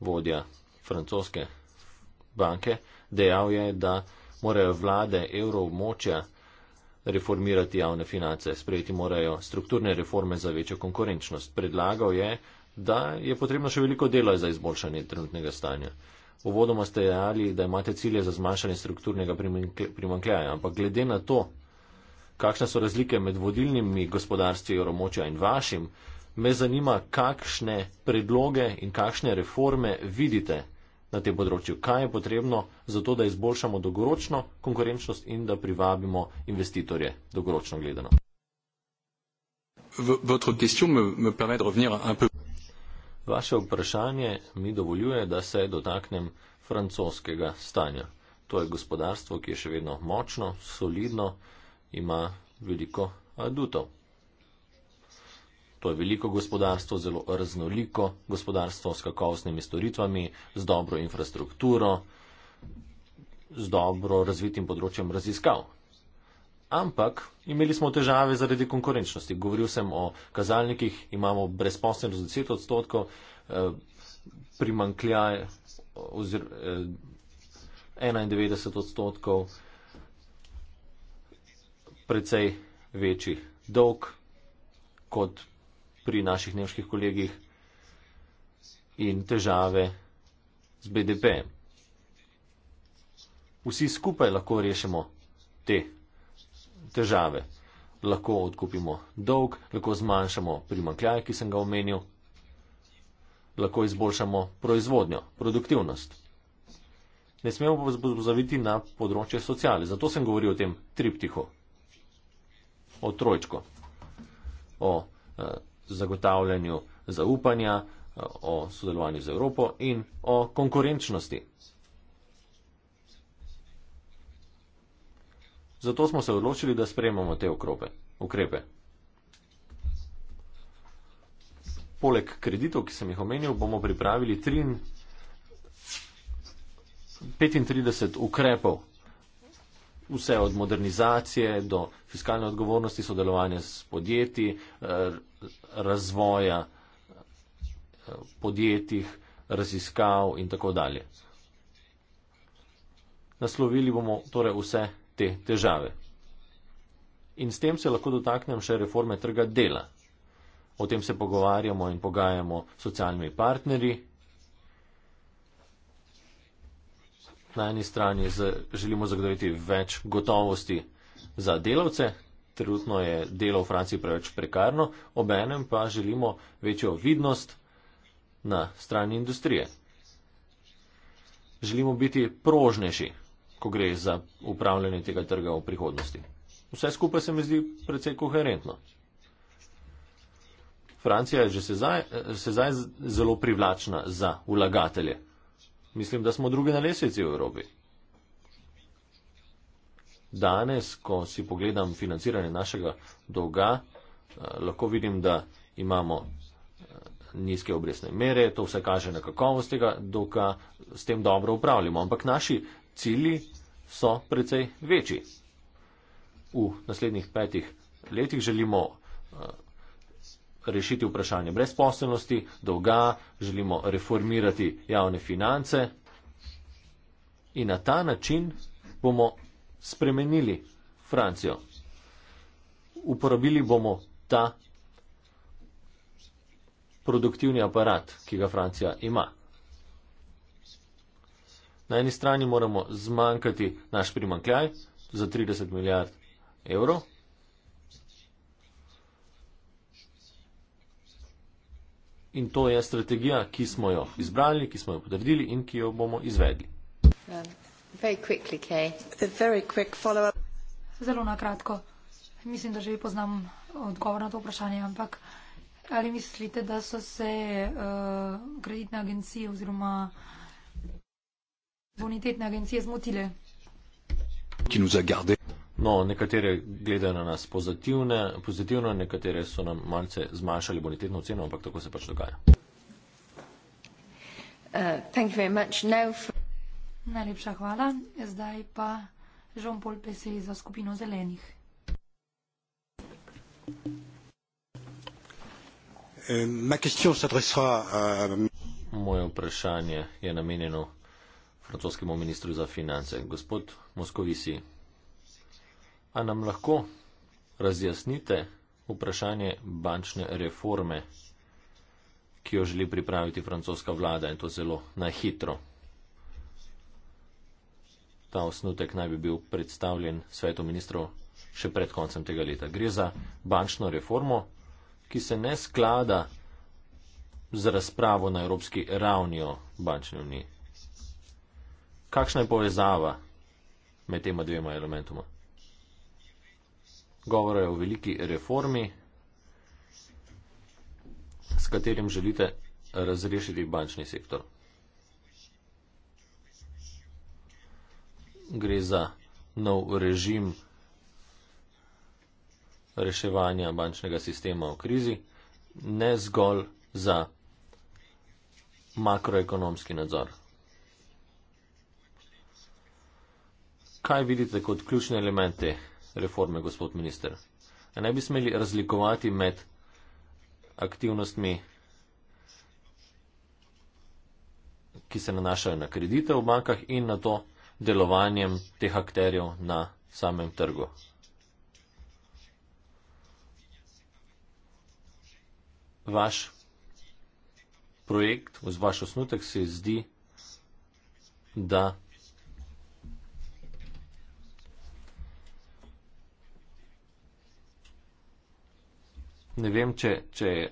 Speaker 2: vodja francoske banke. Dejal je, da morajo vlade evroobmočja reformirati javne finance, sprejeti morajo strukturne reforme za večjo konkurenčnost. Predlagal je, da je potrebno še veliko dela za izboljšanje trenutnega stanja. Uvodoma ste dejali, da imate cilje za zmanjšanje strukturnega primankljaja, ampak glede na to, kakšne so razlike med vodilnimi gospodarstvi Evromočja in vašim, me zanima, kakšne predloge in kakšne reforme vidite na tem področju. Kaj je potrebno za to, da izboljšamo dolgoročno konkurenčnost in da privabimo investitorje dolgoročno gledano? V, votre question me, me permet revenir un peu Vaše vprašanje mi dovoljuje, da se dotaknem francoskega stanja. To je gospodarstvo, ki je še vedno močno, solidno, ima veliko adutov. To je veliko gospodarstvo, zelo raznoliko gospodarstvo s kakovostnimi storitvami, z dobro infrastrukturo, z dobro razvitim področjem raziskav ampak imeli smo težave zaradi konkurenčnosti. Govoril sem o kazalnikih, imamo brezposelnost 10 odstotkov, eh, primankljaj ozir, 91 eh, odstotkov, precej večji dolg kot pri naših nemških kolegih in težave z BDP. Vsi skupaj lahko rešimo te težave. Lahko odkupimo dolg, lahko zmanjšamo primankljaj, ki sem ga omenil, lahko izboljšamo proizvodnjo, produktivnost. Ne smemo pa zaviti na področje sociale, zato sem govoril o tem triptihu, o trojčku, o e, zagotavljanju zaupanja, eh, o sodelovanju z Evropo in o konkurenčnosti. Zato smo se odločili, da sprejmemo te okrope, ukrepe. Poleg kreditov, ki sem jih omenil, bomo pripravili 35 ukrepov. Vse od modernizacije do fiskalne odgovornosti, sodelovanja s podjetji, eh, razvoja eh, podjetjih, raziskav in tako dalje. Naslovili bomo torej vse te težave. In s tem se lahko dotaknem še reforme trga dela. O tem se pogovarjamo in pogajamo s socialnimi partnerji. Na eni strani želimo zagotoviti več gotovosti za delavce, trenutno je delo v Franciji preveč prekarno, obenem pa želimo večjo vidnost na strani industrije. Želimo biti prožnejši, ko gre za upravljanje tega trga v prihodnosti. Vse skupaj se mi zdi precej koherentno. Francija je že sedaj zelo privlačna za vlagatelje. Mislim, da smo drugi na lesici v Evropi. Danes, ko si pogledam financiranje našega dolga, eh, lahko vidim, da imamo eh, nizke obresne mere, to vse kaže na kakovost tega dolga, s tem dobro upravljamo. Ampak naši cilji so precej večji. V naslednjih petih letih želimo eh, rešiti vprašanje brezposelnosti, dolga, želimo reformirati javne finance in na ta način bomo spremenili Francijo. Uporabili bomo ta produktivni aparat, ki ga Francija ima. Na eni strani moramo zmanjkati naš primankljaj za 30 milijard evrov. In to je strategija, ki smo jo izbrali, ki smo jo potrdili in ki jo bomo izvedli.
Speaker 1: Zelo na kratko. Mislim, da že poznam odgovor na to vprašanje, ampak ali mislite, da so se uh, kreditne agencije oziroma uh, bonitetne agencije zmotile.
Speaker 2: Ki nas zagarde. No, nekatere gledajo na nas pozitivno, nekatere so nam malce zmanjšali bonitetno oceno, ampak tako se pač dogaja.
Speaker 1: Uh, Najlepša hvala. Zdaj pa Žompol Pesej za skupino zelenih.
Speaker 2: Euh, Moje vprašanje je namenjeno francoskemu ministru za finance. Gospod Moskovisi, a nam lahko razjasnite vprašanje bančne reforme, ki jo želi pripraviti francoska vlada in to zelo nahitro? Ta osnutek naj bi bil predstavljen svetu ministrov še pred koncem tega leta. Gre za bančno reformo, ki se ne sklada z razpravo na evropski ravni o bančni uniji kakšna je povezava med tema dvema elementoma? Govora je o veliki reformi, s katerim želite razrešiti bančni sektor. Gre za nov režim reševanja bančnega sistema v krizi, ne zgolj za makroekonomski nadzor. kaj vidite kot ključne elemente reforme, gospod minister? A ne bi smeli razlikovati med aktivnostmi, ki se nanašajo na kredite v bankah in na to delovanjem teh akterjev na samem trgu. Vaš projekt, vaš osnutek se zdi, da ne vem, če, če je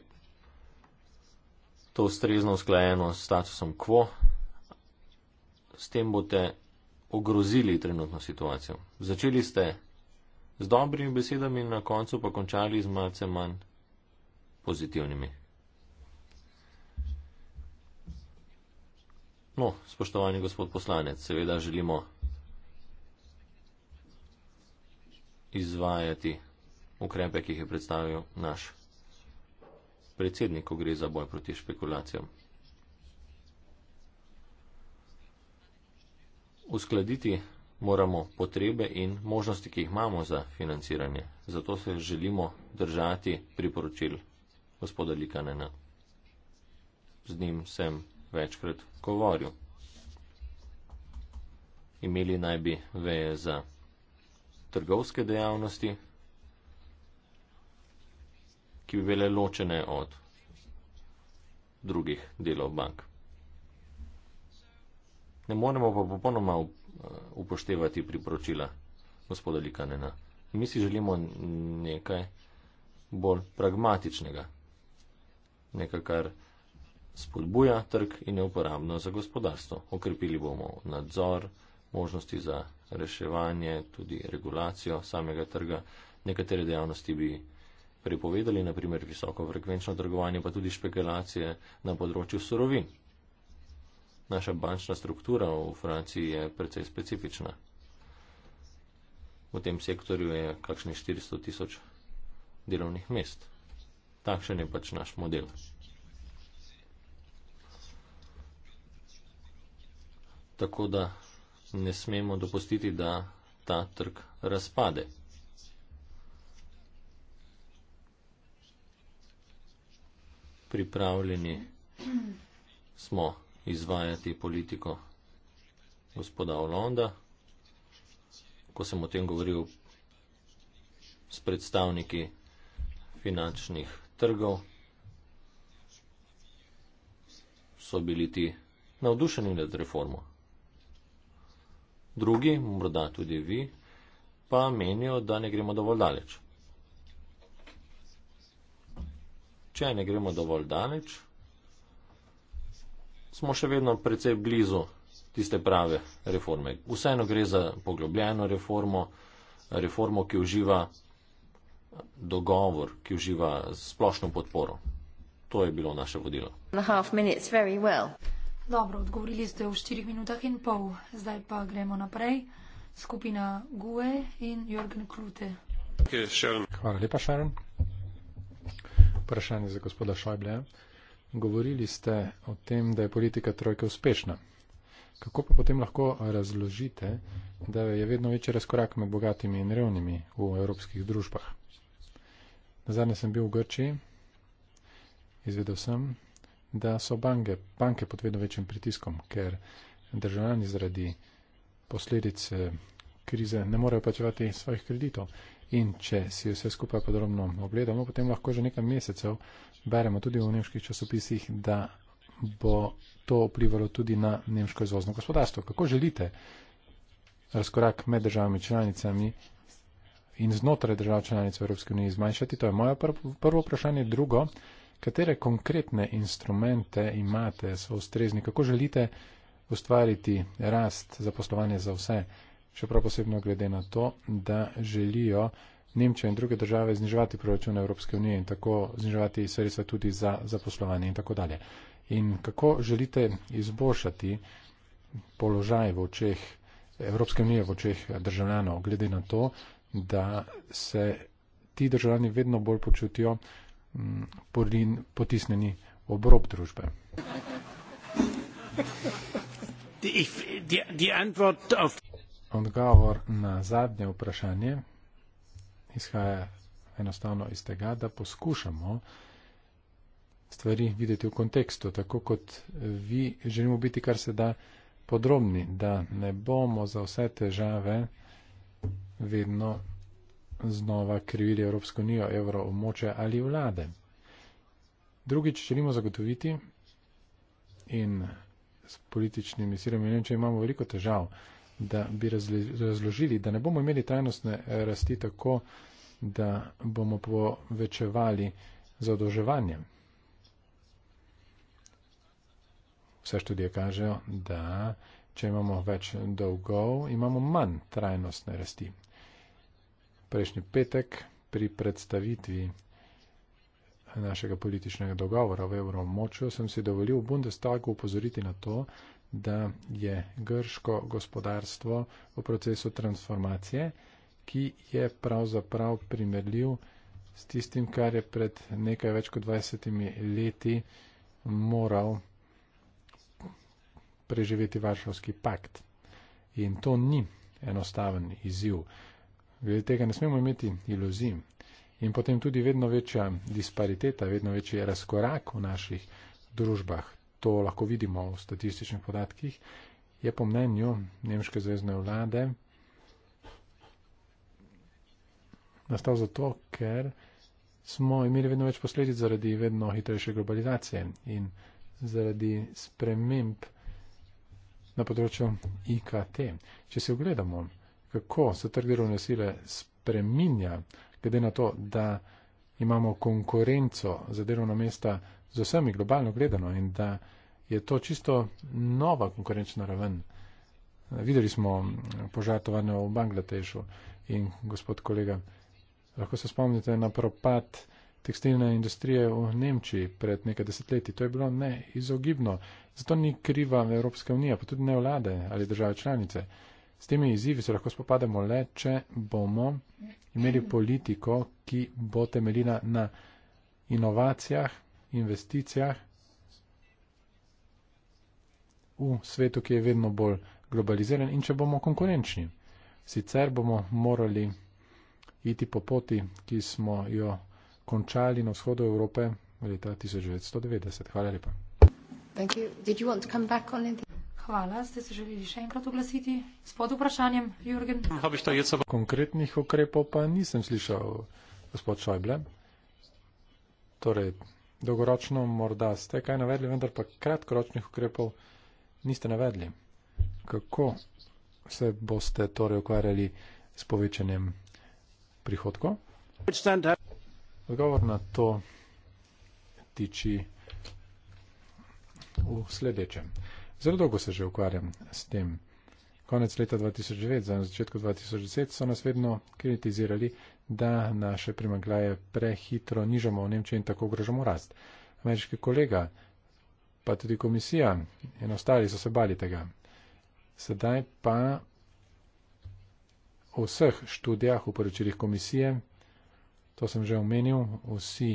Speaker 2: to ustrezno usklajeno s statusom quo, s tem boste ogrozili trenutno situacijo. Začeli ste z dobrimi besedami in na koncu pa končali z malce manj pozitivnimi. No, spoštovani gospod poslanec, seveda želimo izvajati ukrepe, ki jih je predstavil naš predsednik, ko gre za boj proti špekulacijam. Uskladiti moramo potrebe in možnosti, ki jih imamo za financiranje. Zato se želimo držati priporočil gospoda Likanena. Z njim sem večkrat govoril. Imeli naj bi veje za trgovske dejavnosti, ki bi bile ločene od drugih delov bank. Ne moremo pa popolnoma eh, upoštevati priporočila gospoda Likanena. Mi si želimo nekaj bolj pragmatičnega, nekaj, kar spodbuja trg in je uporabno za gospodarstvo. Okrepili bomo nadzor, možnosti za reševanje, tudi regulacijo samega trga. Nekatere dejavnosti bi prepovedali, naprimer visokofrekvenčno trgovanje, pa tudi špekulacije na področju surovin. Naša bančna struktura v Franciji je precej specifična. V tem sektorju je kakšne 400 tisoč delovnih mest. Takšen je pač naš model. Tako da ne smemo dopustiti, da ta trg razpade. pripravljeni smo izvajati politiko gospoda Olonda, ko sem o tem govoril s predstavniki finančnih trgov, so bili ti navdušeni nad reformo. Drugi, morda tudi vi, pa menijo, da ne gremo dovolj daleč. če ne gremo dovolj daleč, smo še vedno precej blizu tiste prave reforme. Vseeno gre za poglobljeno reformo, reformo, ki uživa dogovor, ki uživa splošno podporo. To je bilo naše vodilo.
Speaker 1: Well. Dobro, odgovorili ste v štirih minutah in pol. Zdaj pa gremo naprej. Skupina GUE in Jorgen Klute.
Speaker 3: Hvala lepa, Šaren vprašanje za gospoda Šajble. Govorili ste o tem, da je politika trojke uspešna. Kako pa potem lahko razložite, da je vedno večji razkorak med bogatimi in revnimi v evropskih družbah? Nazadnje sem bil v Grčiji, izvedel sem, da so banke, banke pod vedno večjim pritiskom, ker državljani zaradi posledic eh, krize ne morejo plačevati svojih kreditov. In če si vse skupaj podrobno ogledamo, potem lahko že nekaj mesecev beremo tudi v nemških časopisih, da bo to vplivalo tudi na nemško izvozno gospodarstvo. Kako želite razkorak med državami članicami in znotraj držav članic Evropske unije zmanjšati? To je moje pr prvo vprašanje. Drugo, katere konkretne instrumente imate, so ustrezni, kako želite ustvariti rast za poslovanje za vse čeprav posebno glede na to, da želijo Nemčija in druge države zniževati proračune Evropske unije in tako zniževati sredstva tudi za zaposlovanje in tako dalje. In kako želite izboljšati položaj v očeh Evropske unije, v očeh državljanov, glede na to, da se ti državljani vedno bolj počutijo mm, porin, potisneni v obrob družbe? Ich, die, die Antwort auf Odgovor na zadnje vprašanje izhaja enostavno iz tega, da poskušamo stvari videti v kontekstu, tako kot vi želimo biti kar se da podrobni, da ne bomo za vse težave vedno znova krivili Evropsko unijo, evro, območje ali vlade. Drugič, želimo zagotoviti in s političnimi sirami, ne vem, če imamo veliko težav, da bi razložili, da ne bomo imeli trajnostne rasti tako, da bomo povečevali zadolževanje. Vse študije kažejo, da če imamo več dolgov, imamo manj trajnostne rasti. Prejšnji petek pri predstavitvi našega političnega dogovora v evromočju sem si dovolil v Bundestagu upozoriti na to, da je grško gospodarstvo v procesu transformacije, ki je pravzaprav primerljiv s tistim, kar je pred nekaj več kot 20 leti moral preživeti Varšavski pakt. In to ni enostaven izziv. Glede tega ne smemo imeti iluzij. In potem tudi vedno večja dispariteta, vedno večji razkorak v naših družbah to lahko vidimo v statističnih podatkih, je po mnenju Nemške zvezdne vlade nastal zato, ker smo imeli vedno več posledic zaradi vedno hitrejše globalizacije in zaradi sprememb na področju IKT. Če se ogledamo, kako se trg delovne sile spreminja, glede na to, da imamo konkurenco za delovna mesta, z vsemi globalno gledano in da je to čisto nova konkurenčna raven. Videli smo požar tovarne v Bangladešu in gospod kolega, lahko se spomnite na propad tekstilne industrije v Nemčiji pred nekaj desetletji. To je bilo neizogibno. Zato ni kriva Evropska unija, pa tudi ne vlade ali države članice. S temi izzivi se lahko spopademo le, če bomo imeli politiko, ki bo temeljila na inovacijah, investicijah v svetu, ki je vedno bolj globaliziran in če bomo konkurenčni. Sicer bomo morali iti po poti, ki smo jo končali na vzhodu Evrope leta 1990. Hvala lepa.
Speaker 1: Hvala, ste se želeli še enkrat oglasiti s pod vprašanjem, Jürgen?
Speaker 3: Konkretnih ukrepov pa nisem slišal, gospod Šojble. Torej, dolgoročno morda ste kaj navedli, vendar pa kratkoročnih ukrepov niste navedli. Kako se boste torej ukvarjali s povečanjem prihodkov? Odgovor na to tiči v sledečem. Zelo dolgo se že ukvarjam s tem. Konec leta 2009, za začetku 2010 so nas vedno kritizirali, da naše primankljaje prehitro nižamo v Nemčiji in tako ogrožamo rast. Ameriški kolega, pa tudi komisija in ostali so se bali tega. Sedaj pa v vseh študijah, v poročilih komisije, to sem že omenil, vsi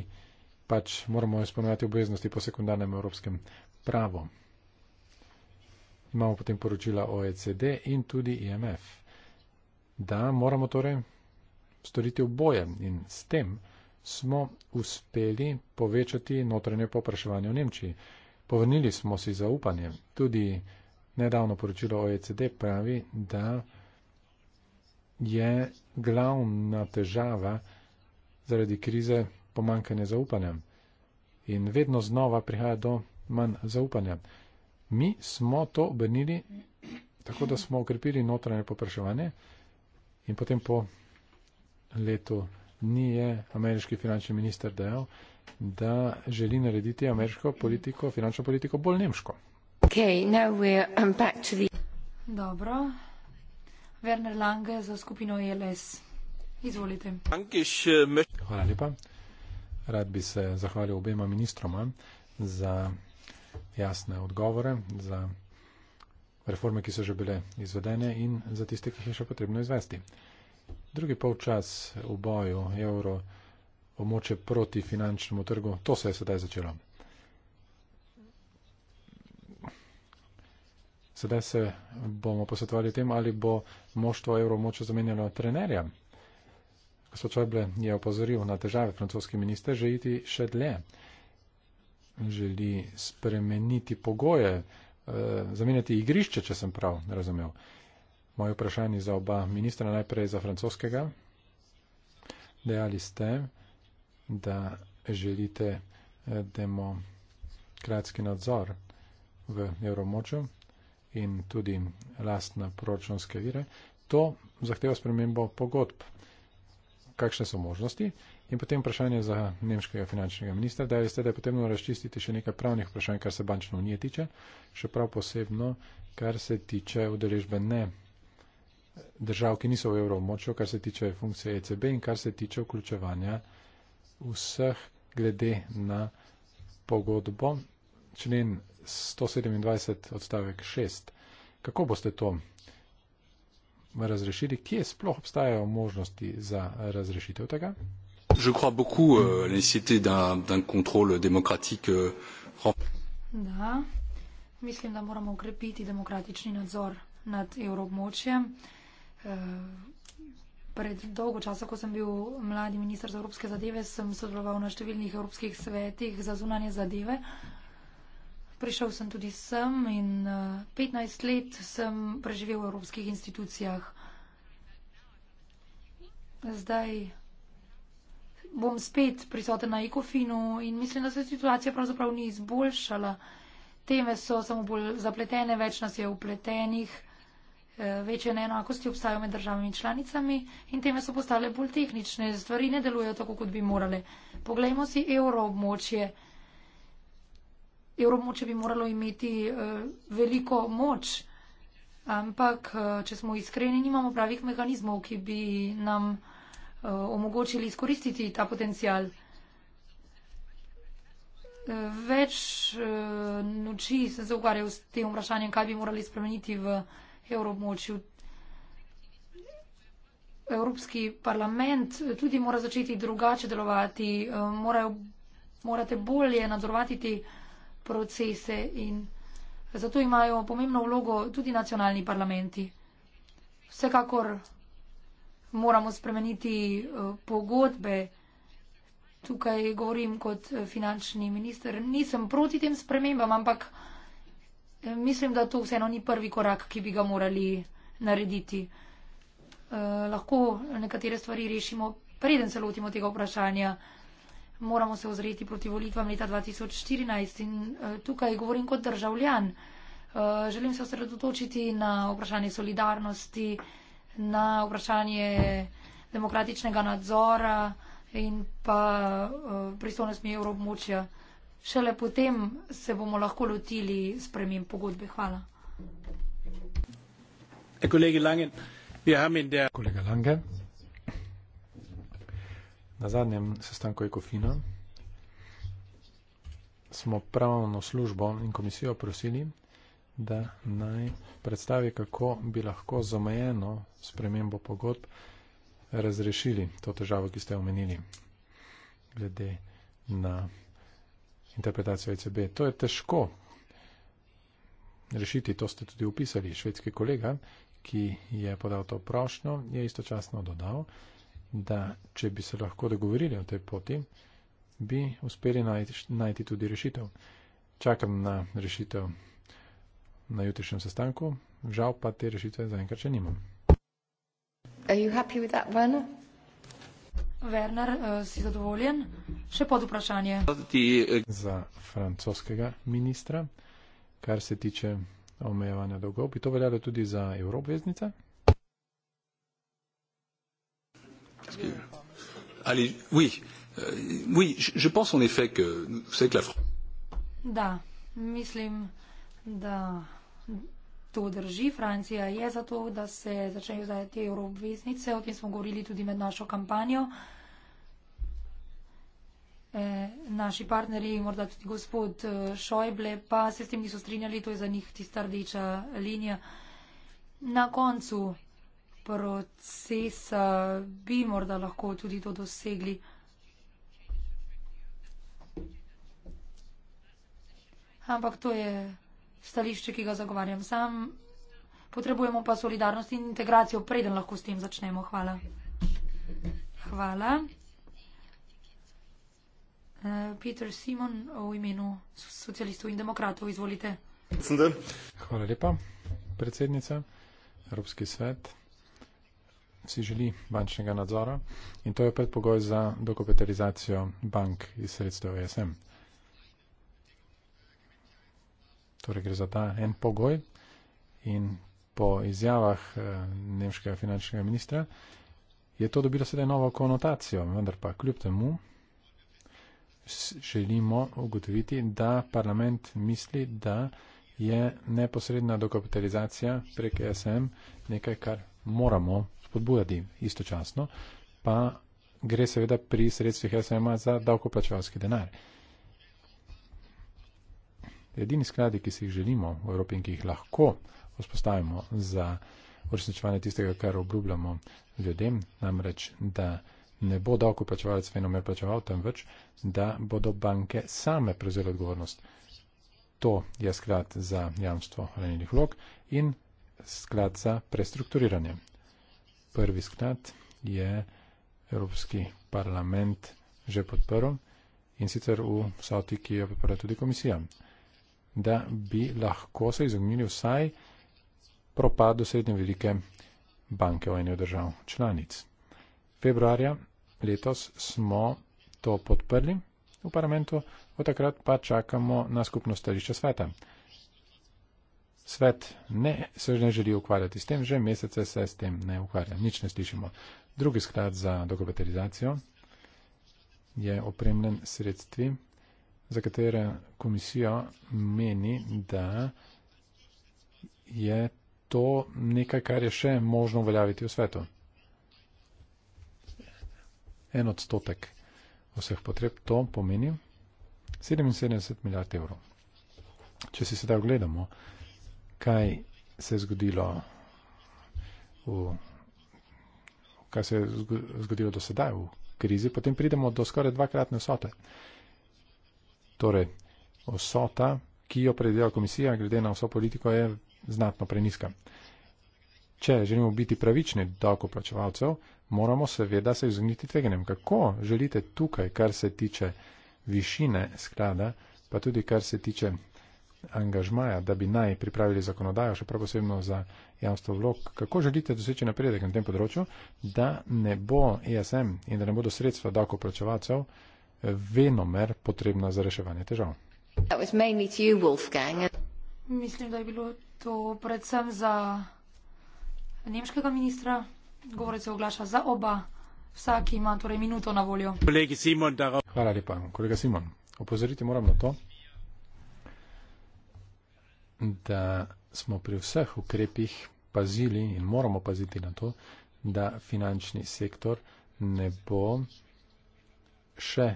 Speaker 3: pač moramo izpolnjevati obveznosti po sekundarnem evropskem pravu. Imamo potem poročila OECD in tudi IMF. E da, moramo torej storiti oboje in s tem smo uspeli povečati notranje popraševanje v Nemčiji. Povrnili smo si zaupanje. Tudi nedavno poročilo OECD pravi, da je glavna težava zaradi krize pomankanje zaupanja. In vedno znova prihaja do manj zaupanja. Mi smo to obrnili tako, da smo okrepili notranje popraševanje in potem po letu ni je ameriški finančni minister dejal, da želi narediti ameriško politiko, finančno politiko bolj nemško.
Speaker 1: Okay, um, the... Dobro. Werner Lange za skupino ELS. Izvolite.
Speaker 3: Eh, Hvala lepa. Rad bi se zahvalil obema ministroma za jasne odgovore, za reforme, ki so že bile izvedene in za tiste, ki jih je še potrebno izvesti. Drugi polčas v boju evro območje proti finančnemu trgu, to se je sedaj začelo. Sedaj se bomo posvetovali tem, ali bo moštvo evro območja zamenjalo trenerja. Gospod Čoble je opozoril na težave francoski minister, že iti še dlje. Želi spremeniti pogoje, eh, zamenjati igrišče, če sem prav razumel moje vprašanje za oba ministra, najprej za francoskega. Dejali ste, da želite eh, demokratski nadzor v evromočju in tudi lastna proračunske vire. To zahteva spremembo pogodb. Kakšne so možnosti? In potem vprašanje za nemškega finančnega ministra. Dejali ste, da je potrebno razčistiti še nekaj pravnih vprašanj, kar se bančno unije tiče, še prav posebno, kar se tiče udeležbe ne držav, ki niso v evromočju, kar se tiče funkcije ECB in kar se tiče vključevanja vseh glede na pogodbo. Člen 127 odstavek 6. Kako boste to razrešili? Kje sploh obstajajo možnosti za razrešitev tega?
Speaker 4: Je crois beaucoup euh, la nécessité d'un contrôle démocratique. Euh,
Speaker 1: da, mislim, da moramo ukrepiti demokratični nadzor nad evrobmočjem. Euh, Eh, pred dolgo časa, ko sem bil mladi minister za evropske zadeve, sem sodeloval na številnih evropskih svetih za zunanje zadeve. Prišel sem tudi sem in 15 eh, let sem preživel v evropskih institucijah. Zdaj bom spet prisoten na ekofinu in mislim, da se situacija pravzaprav ni izboljšala. Teme so samo bolj zapletene, več nas je upletenih. Eh, večje neenakosti obstajajo med državami članicami in teme so postale bolj tehnične. Stvari ne delujejo tako, kot bi morale. Poglejmo si evroobmočje. Evroobmočje bi moralo imeti uh, veliko moč, ampak, uh, če smo iskreni, nimamo pravih mehanizmov, ki bi nam uh, omogočili izkoristiti ta potencial. Več uh, noči sem se ukvarjal s tem vprašanjem, kaj bi morali spremeniti v evroobmočju. Evropski parlament tudi mora začeti drugače delovati, eh, morajo, morate bolje nadzorovati te procese in zato imajo pomembno vlogo tudi nacionalni parlamenti. Vsekakor moramo spremeniti eh, pogodbe, tukaj govorim kot eh, finančni minister, nisem proti tem spremembam, ampak. Mislim, da to vseeno ni prvi korak, ki bi ga morali narediti. Eh, lahko nekatere stvari rešimo, preden se lotimo tega vprašanja. Moramo se ozreti proti volitvam leta 2014 in eh, tukaj govorim kot državljan. Eh, želim se osredotočiti na vprašanje solidarnosti, na vprašanje demokratičnega nadzora in pa pristojnostmi Evropmočja šele potem se bomo lahko lotili sprememb pogodbe. Hvala.
Speaker 3: Eh, Kolega Lange, na zadnjem sestanku Ekofina smo pravno službo in komisijo prosili, da naj predstavi, kako bi lahko z omejeno spremembo pogodb razrešili to težavo, ki ste omenili glede na interpretacijo ECB. To je težko rešiti, to ste tudi upisali. Švedski kolega, ki je podal to prošnjo, je istočasno dodal, da če bi se lahko dogovorili o tej poti, bi uspeli najti tudi rešitev. Čakam na rešitev na jutrišnjem sestanku, žal pa te rešitve zaenkrat še nimam.
Speaker 1: Are you happy with that, Werner? Werner, eh, si zadovoljen? Še pod vprašanje.
Speaker 3: Za francoskega ministra, kar se tiče omejevanja dolgov, bi to veljalo tudi za evropveznice?
Speaker 4: Euh,
Speaker 1: da, mislim, da To drži, Francija je za to, da se začnejo izdajati evroobveznice, o tem smo govorili tudi med našo kampanjo. E, naši partnerji, morda tudi gospod e, Šojble, pa se s tem niso strinjali, to je za njih tista rdeča linija. Na koncu procesa bi morda lahko tudi to dosegli. Ampak to je stališče, ki ga zagovarjam sam. Potrebujemo pa solidarnost in integracijo, preden lahko s tem začnemo. Hvala. Hvala. Eh, Peter Simon v imenu socialistov in demokratov. Izvolite.
Speaker 3: Hvala lepa, predsednica, Evropski svet si želi bančnega nadzora in to je predpogoj za dokapitalizacijo bank iz sredstev ESM. torej gre za ta en pogoj in po izjavah eh, nemškega finančnega ministra je to dobilo sedaj novo konotacijo, vendar pa kljub temu želimo ugotoviti, da parlament misli, da je neposredna dokapitalizacija prek ESM nekaj, kar moramo spodbujati istočasno, pa gre seveda pri sredstvih ESM-a za davkoplačevalski denar. Uh, Edini skladi, ki si jih želimo v Evropi in ki jih lahko vzpostavimo za uresničevanje tistega, kar obljubljamo ljudem, namreč, da ne bo davkoplačevalec fenomen plačeval, temveč, da bodo banke same prevzeli odgovornost. To je sklad za jamstvo ranjenih vlog in sklad za prestrukturiranje. Prvi sklad je Evropski parlament že podprl in sicer v Sauti, ki jo podprla tudi komisija da bi lahko se izognili vsaj propadu srednje velike banke v eni od držav članic. Februarja letos smo to podprli v parlamentu, od takrat pa čakamo na skupno stališče sveta. Svet ne, se že ne želi ukvarjati s tem, že mesece se s tem ne ukvarja, nič ne slišimo. Drugi sklad za dokapitalizacijo je opremljen sredstvi za katere komisija meni, da je to nekaj, kar je še možno uveljaviti v svetu. En odstotek vseh potreb to pomeni 77 milijard evrov. Če si sedaj ogledamo, kaj se je zgodilo, v, kaj se je zgodilo do sedaj v krizi, potem pridemo do skoraj dvakratne sote. Torej, osota, ki jo predvideva komisija, glede na vso politiko, je znatno preniska. Če želimo biti pravični davkoplačevalcev, moramo seveda se izogniti tveganjem. Kako želite tukaj, kar se tiče višine sklada, pa tudi kar se tiče angažmaja, da bi naj pripravili zakonodajo, še prav posebno za javnstvo vlog, kako želite doseči napredek na tem področju, da ne bo ESM in da ne bodo sredstva davkoplačevalcev venomer potrebna za reševanje težav. You,
Speaker 1: Mislim, da je bilo to predvsem za nemškega ministra. Govorec se oglaša za oba. Vsak ima torej minuto na voljo.
Speaker 3: Simon, da... Hvala lepa, kolega Simon. Opozoriti moram na to, da smo pri vseh ukrepih pazili in moramo paziti na to, da finančni sektor ne bo še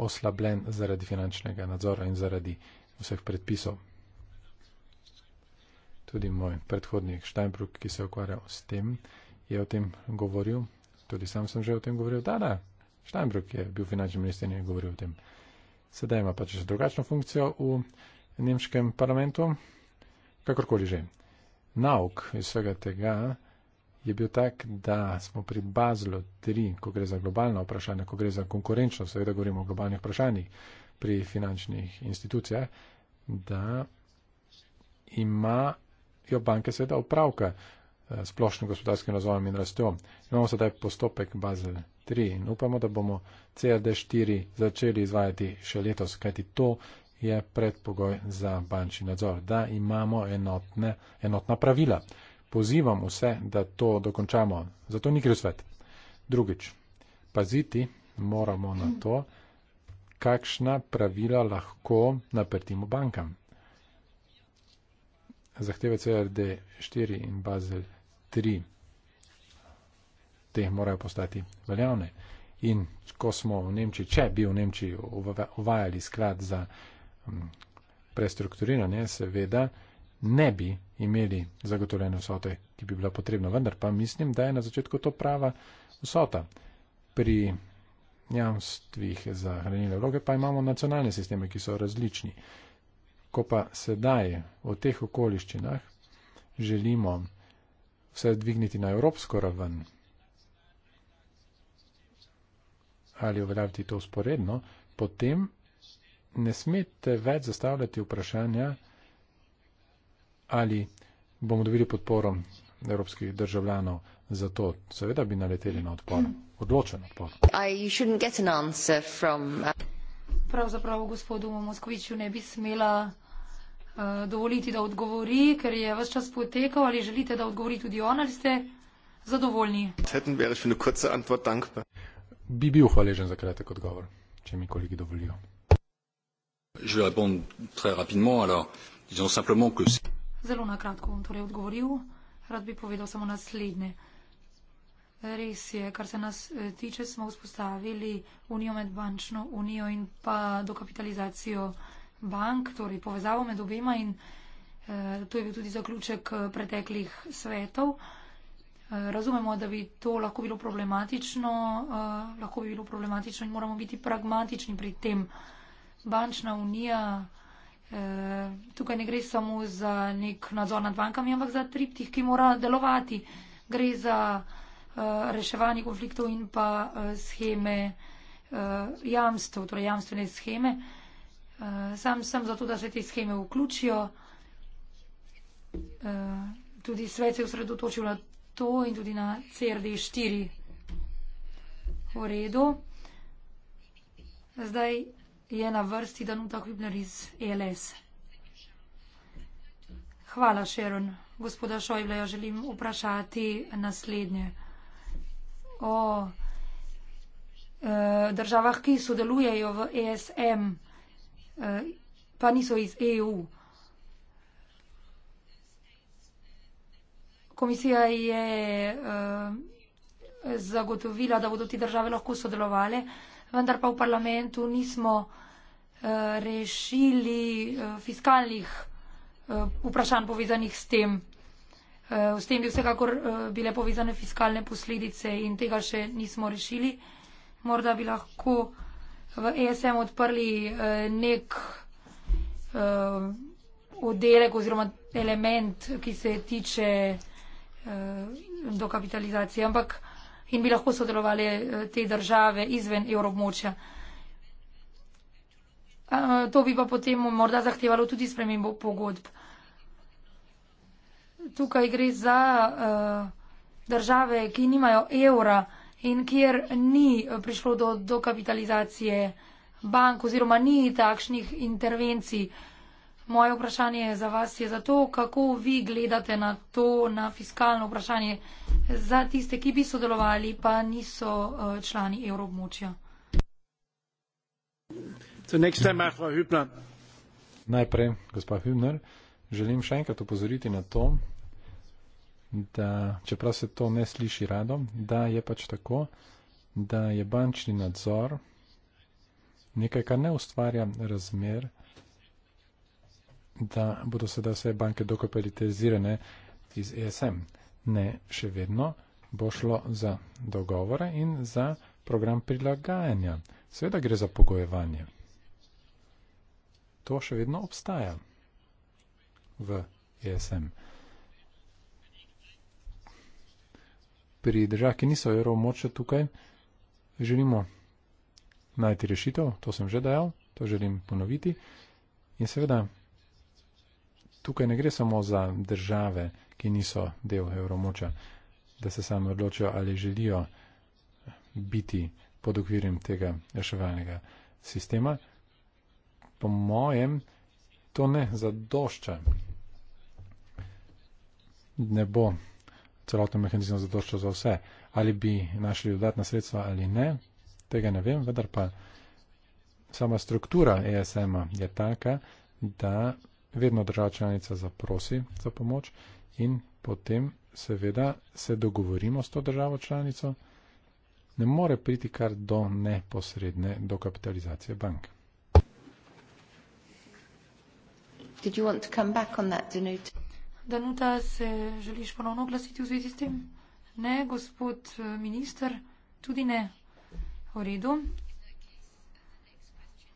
Speaker 3: oslabljen zaradi finančnega nadzora in zaradi vseh predpisov. Tudi moj predhodnik Steinbrück, ki se je ukvarjal s tem, je o tem govoril. Tudi sam sem že o tem govoril. Da, da, Steinbrück je bil finančni minister in je govoril o tem. Sedaj ima pač drugačno funkcijo v nemškem parlamentu, kakorkoli že. Nauk iz vsega tega je bil tak, da smo pri Bazlu 3, ko gre za globalna vprašanja, ko gre za konkurenčnost, seveda govorimo o globalnih vprašanjih pri finančnih institucijah, da imajo banke seveda upravka eh, splošnim gospodarskim razvojem in rastjo. Imamo sedaj postopek Bazel 3 in upamo, da bomo CRD 4 začeli izvajati še letos, kajti to je predpogoj za bančni nadzor, da imamo enotne, enotna pravila pozivam vse, da to dokončamo. Zato ni gre svet. Drugič, paziti moramo na hmm. to, kakšna pravila lahko naprtimo bankam. Zahteve CRD 4 in Bazel 3. Teh morajo postati veljavne. In ko smo v Nemčiji, če bi v Nemčiji uvajali sklad za mm, prestrukturiranje, seveda, ne bi imeli zagotovljene vsote, ki bi bila potrebna. Vendar pa mislim, da je na začetku to prava vsota. Pri jamstvih za hranilne vloge pa imamo nacionalne sisteme, ki so različni. Ko pa sedaj v teh okoliščinah želimo vse dvigniti na evropsko raven ali uveljaviti to usporedno, potem ne smete več zastavljati vprašanja, ali bomo dobili podporo evropskih državljanov za to. Seveda bi naleteli na odpor, odločen odpor. Uh,
Speaker 1: Pravzaprav gospodu Moskoviču ne bi smela uh, dovoliti, da odgovori, ker je vse čas potekal. Ali želite, da odgovori tudi on ali ste zadovoljni?
Speaker 3: Bi bil hvaležen za kratek odgovor, če mi kolegi dovolijo.
Speaker 1: Zelo na kratko bom torej odgovoril. Rad bi povedal samo naslednje. Res je, kar se nas eh, tiče, smo vzpostavili unijo med bančno unijo in pa dokapitalizacijo bank, torej povezavo med obema in eh, to je bil tudi zaključek eh, preteklih svetov. Razumemo, da bi to lahko bilo problematično, lahko bi bilo problematično in moramo biti pragmatični pri tem. Bančna unija. Eh, tukaj ne gre samo za nek nadzor nad bankami, ampak za triptih, ki mora delovati. Gre za uh, reševanje konfliktov in pa uh, scheme uh, jamstv, torej jamstvene scheme. Uh, sam sem zato, da se te scheme vključijo. Uh, tudi svet se je usredotočil na to in tudi na CRD4 v redu. Zdaj je na vrsti Danuta Hübner iz ELS. Hvala, Sharon. Gospoda Šojbla, jo želim vprašati naslednje. O e, državah, ki sodelujejo v ESM, e, eh, pa niso iz EU. Komisija je e, zagotovila, da bodo ti države lahko sodelovali. E, vendar pa v parlamentu nismo eh, rešili eh, fiskalnih eh, vprašanj povezanih s tem. S tem bi vsekakor bile povezane fiskalne posledice in tega še nismo rešili. Morda bi lahko v ESM odprli nek oddelek oziroma element, ki se tiče dokapitalizacije. Ampak in bi lahko sodelovali eh, te države izven evroobmočja. To bi pa potem morda zahtevalo tudi spremembo pogodb. Tukaj gre za eh, države, ki nimajo evra in kjer ni eh, prišlo do dokapitalizacije bank oziroma ni takšnih intervencij. Moje vprašanje za vas je zato, kako vi gledate na to, na fiskalno vprašanje za tiste, ki bi sodelovali, pa niso eh, člani evroobmočja.
Speaker 3: Najprej, gospa Hübner, želim še enkrat upozoriti na to, da čeprav se to ne sliši rado, da je pač tako, da je bančni nadzor nekaj, kar ne ustvarja razmer, da bodo sedaj vse banke dokapitalizirane iz ESM. Ne, še vedno bo šlo za dogovore in za program prilagajanja. Sveda gre za pogojevanje. To še vedno obstaja v ESM. Pri državah, ki niso evro moče tukaj, želimo najti rešitev, to sem že dejal, to želim ponoviti. In seveda tukaj ne gre samo za države, ki niso del evromoča, da se sami odločijo, ali želijo biti pod okvirjem tega reševalnega sistema. Po mojem, to ne zadošča. Ne bo celotno mehanizem zadoščal za vse. Ali bi našli dodatna sredstva ali ne, tega ne vem, vendar pa sama struktura ESM-a je taka, da vedno država članica zaprosi za pomoč in potem seveda se dogovorimo s to državo članico, ne more priti kar do neposredne dokapitalizacije bank.
Speaker 1: Danuta, se želiš ponovno oglasiti v zvezi s tem? Ne, gospod eh, minister, tudi ne. V redu.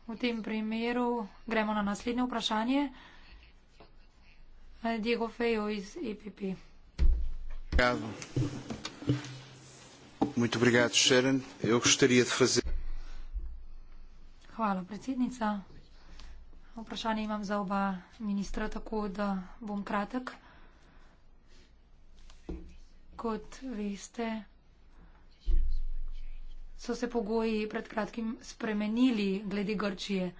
Speaker 1: V tem primeru gremo na naslednje vprašanje. Eh, Diego Feio iz EPP.
Speaker 4: Obrigado. Muito obrigado, Sharon. Eu gostaria de fazer.
Speaker 1: Hvala, predsednica. Vprašanje imam za oba ministra, tako da bom kratek. Kot veste, so se pogoji pred kratkim spremenili glede Grčije.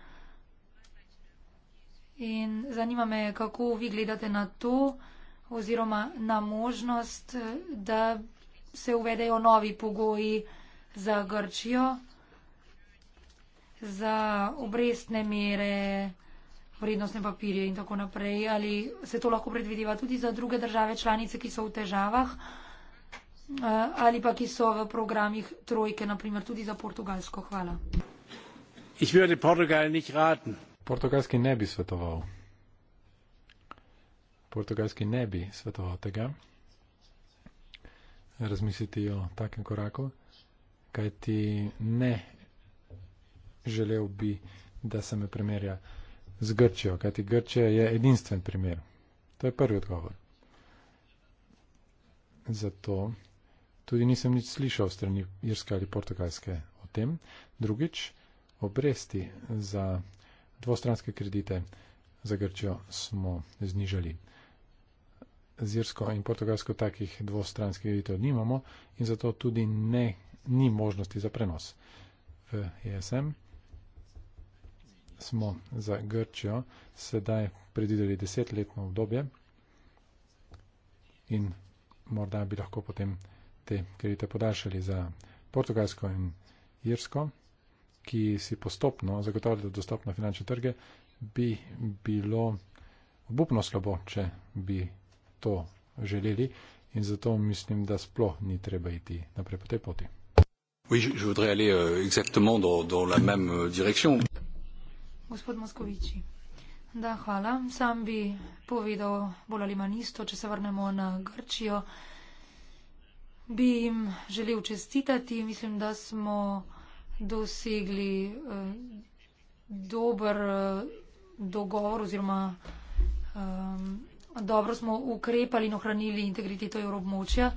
Speaker 1: In zanima me, kako vi gledate na to oziroma na možnost, da se uvedejo novi pogoji za Grčijo, za obrestne mere, vrednostne papirje in tako naprej. Ali se to lahko predvideva tudi za druge države članice, ki so v težavah eh, ali pa ki so v programih trojke, naprimer tudi za Portugalsko? Hvala.
Speaker 3: Ich würde Portugal nicht raten. Portugalski ne bi svetoval. Portugalski ne bi svetoval tega. Razmisliti o takem koraku, kaj ti ne želel bi, da se me primerja z Grčijo, kaj ti Grčija je edinstven primer. To je prvi odgovor. Zato tudi nisem nič slišal strani Irske ali Portugalske o tem. Drugič, obresti za dvostranske kredite za Grčijo smo znižali. Z Irsko in Portugalsko takih dvostranskih kreditev nimamo in zato tudi ne, ni možnosti za prenos. V ESM smo za Grčijo sedaj predvideli desetletno obdobje in morda bi lahko potem te kredite podaljšali za Portugalsko in Irsko ki si postopno zagotavljajo dostop na finančne trge, bi bilo obupno slabo, če bi to želeli in zato mislim, da sploh ni treba iti naprej po tej poti.
Speaker 4: Oui, je voudrais aller euh, exactement dans, dans la même euh, direction.
Speaker 1: Gospod Moskovici, da, hvala. Sam bi povedal bolj ali manj isto, če se vrnemo na Grčijo. Bi jim želel čestitati. Mislim, da smo dosegli eh, dober eh, dogovor oziroma eh, dobro smo ukrepali in ohranili integriteto evroobmočja.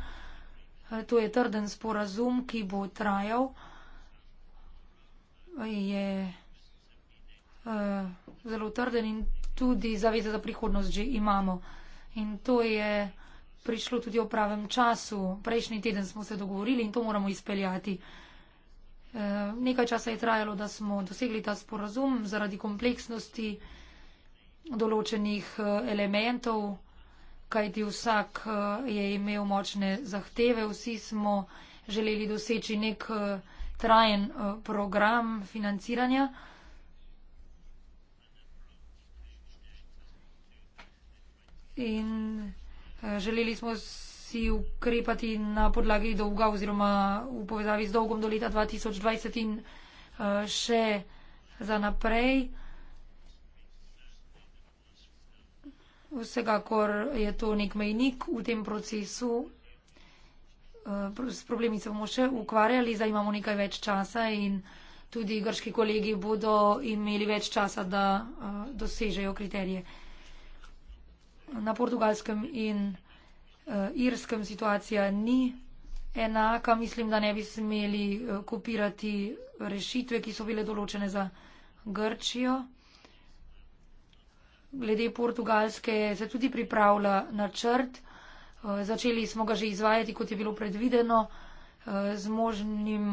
Speaker 1: To je trden sporazum, ki bo trajal. Je zelo trden in tudi zaveze za prihodnost že imamo. In to je prišlo tudi v pravem času. Prejšnji teden smo se dogovorili in to moramo izpeljati. Eh, nekaj časa je trajalo, da smo dosegli ta sporazum zaradi kompleksnosti določenih eh, elementov, kajti vsak eh, je imel močne zahteve, vsi smo želeli doseči nek trajen program financiranja. In želeli smo si ukrepati na podlagi dolga oziroma v povezavi z dolgom do leta 2020 in uh, še za naprej. Vsekakor je to nek mejnik v tem procesu. Eh, s problemi se bomo še ukvarjali, zdaj imamo nekaj več časa in tudi grški kolegi bodo imeli več časa, da eh, dosežejo kriterije. Na portugalskem in Eh, Irskem situacija ni enaka. Mislim, da ne bi smeli eh, kopirati rešitve, ki so bile določene za Grčijo. Glede Portugalske se tudi pripravlja načrt. Eh, začeli smo ga že izvajati, kot je bilo predvideno, z možnim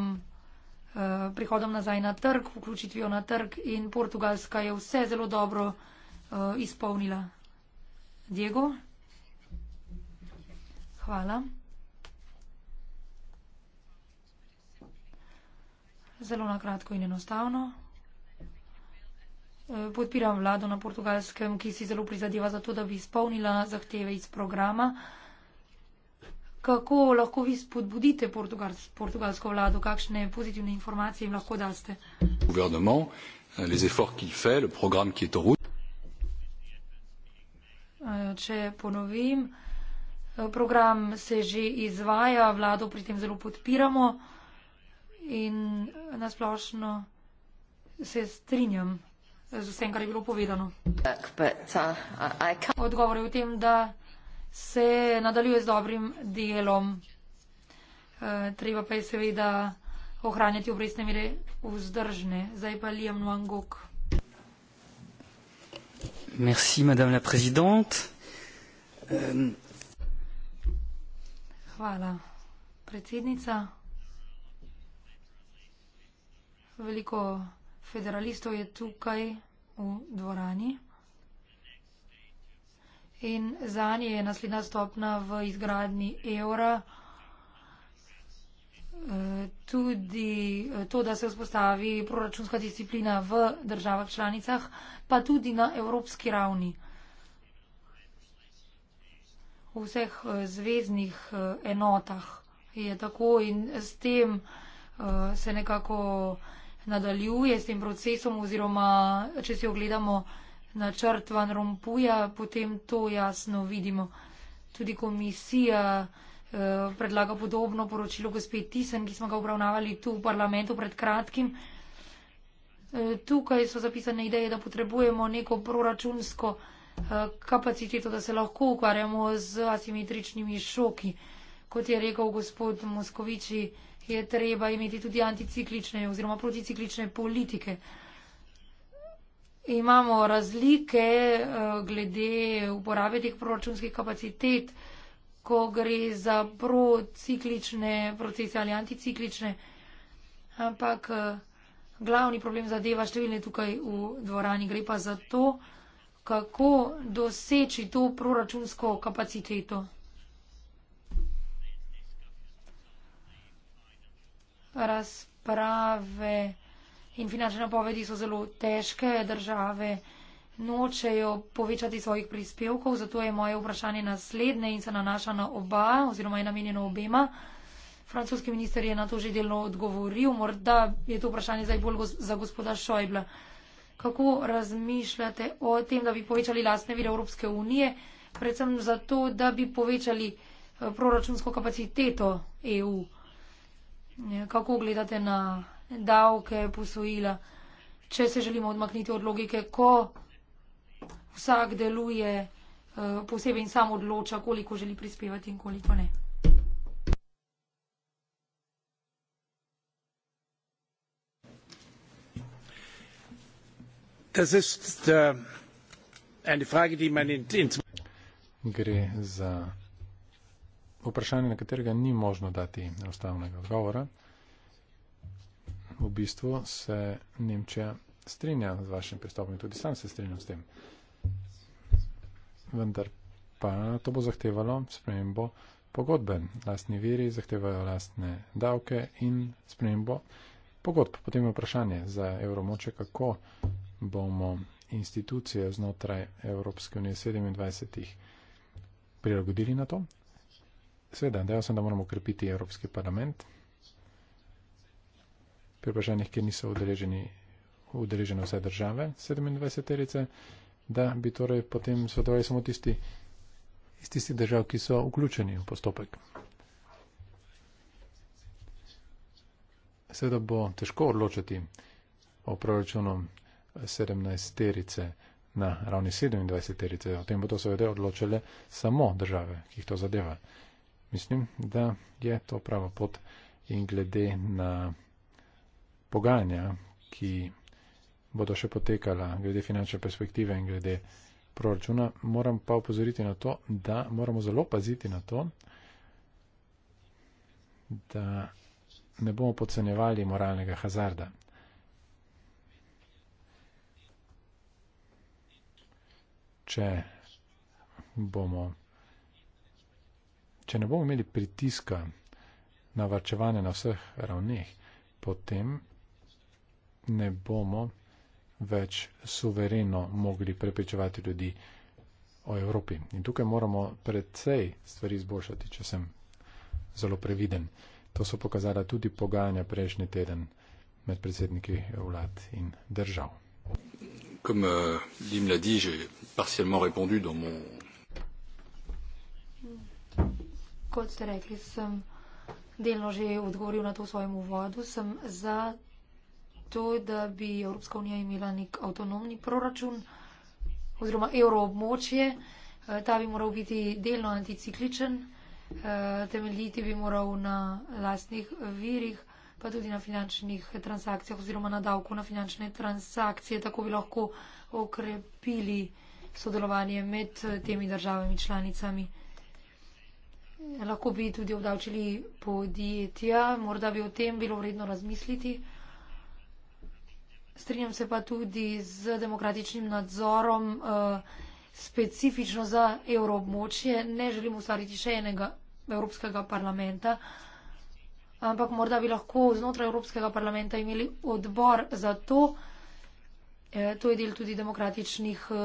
Speaker 1: prihodom nazaj na trg, vključitvijo na trg in Portugalska je vse zelo dobro izpolnila. Diego? Hvala. Zelo na kratko in enostavno. E, podpiram vlado na portugalskem, ki si zelo prizadeva za to, da bi izpolnila zahteve iz programa. Kako lahko vi spodbudite portugal, portugalsko vlado, kakšne pozitivne informacije jim lahko daste? E, če ponovim. Program se že izvaja, vlado pri tem zelo podpiramo in nasplošno se strinjam z vsem, kar je bilo povedano. Uh, Odgovor je v tem, da se nadaljuje z dobrim delom. Uh, treba pa je seveda ohranjati obrestne mere vzdržne. Zdaj pa Liam Nwangok.
Speaker 4: Merci, madame la prezidente. Um... Euh,
Speaker 1: Hvala. Predsednica, veliko federalistov je tukaj v dvorani in za nje je naslednja stopna v izgradnji evra eh, tudi eh, to, da se vzpostavi proračunska disciplina v državah članicah, pa tudi na evropski ravni v vseh eh, zvezdnih eh, enotah. Je tako in s tem eh, se nekako nadaljuje, s tem procesom oziroma, če si ogledamo načrt van Rompuja, potem to jasno vidimo. Tudi komisija predlaga podobno poročilo gospe Tisen, ki smo ga obravnavali tu v parlamentu pred kratkim. Tukaj so zapisane ideje, da potrebujemo neko proračunsko Eh, kapaciteto, da se lahko ukvarjamo z asimetričnimi šoki. Kot je rekel gospod Moskoviči, je treba imeti tudi anticiklične oziroma proticiklične politike. Imamo razlike eh, glede uporabe teh proračunskih kapacitet, ko gre za prociklične procese ali anticiklične, ampak eh, glavni problem zadeva številne tukaj v dvorani. Gre pa za to, kako doseči to proračunsko kapaciteto. Razprave in finančne napovedi so zelo težke, države nočejo povečati svojih prispevkov, zato je moje vprašanje naslednje in se nanaša na oba oziroma je namenjeno obema. Francoski minister je na to že delno odgovoril, morda je to vprašanje zdaj bolj go za gospoda Šojbla kako razmišljate o tem, da bi povečali lastne vire Evropske unije, predvsem zato, da bi povečali eh, proračunsko kapaciteto EU. Ja, kako gledate na davke, posojila, če se želimo odmakniti od logike, ko vsak deluje eh, posebej in sam odloča, koliko želi prispevati in koliko ne.
Speaker 3: Das ist äh, eine Frage, die man in Gre za vprašanje, na katerega ni možno dati enostavnega odgovora. V bistvu se Nemčija strinja z vašim pristopom in tudi sam se strinjam s tem. Vendar pa to bo zahtevalo spremembo pogodben. Lastni viri zahtevajo lastne davke in spremembo pogodb. Potem je vprašanje za evromoče, kako bomo institucije znotraj Evropske unije 27. prilagodili na to. Sveda, dejal sem, da moramo ukrepiti Evropski parlament. Pri vprašanjih, ki niso udeleženi vse države 27. terice, da bi torej potem svetovali samo tisti, iz tistih držav, ki so vključeni v postopek. Seveda bo težko odločiti o proračunu 17-terice na ravni 27-terice. O tem bodo seveda odločile samo države, ki jih to zadeva. Mislim, da je to prava pot in glede na pogajanja, ki bodo še potekala glede finančne perspektive in glede proračuna, moram pa upozoriti na to, da moramo zelo paziti na to, da ne bomo podcenjevali moralnega hazarda. če bomo, če ne bomo imeli pritiska na varčevanje na vseh ravneh, potem ne bomo več suvereno mogli prepričevati ljudi o Evropi. In tukaj moramo predvsej stvari izboljšati, če sem zelo previden. To so pokazala tudi pogajanja prejšnji teden med predsedniki vlad in držav.
Speaker 4: Comme euh, Lim l'a dit, j'ai partiellement répondu dans mon.
Speaker 1: To, da bi Evropska unija imela nek avtonomni proračun oziroma evroobmočje, eh, ta bi moral biti delno anticikličen, eh, temeljiti bi moral na lastnih virih pa tudi na finančnih transakcijah oziroma na davku na finančne transakcije. Tako bi lahko okrepili sodelovanje med temi državami članicami. Lahko bi tudi obdavčili podjetja, morda bi o tem bilo vredno razmisliti. Strinjam se pa tudi z demokratičnim nadzorom eh, specifično za evroobmočje. Ne želim ustvariti še enega evropskega parlamenta ampak morda bi lahko znotraj Evropskega parlamenta imeli odbor za to. E, to je del tudi demokratičnih e,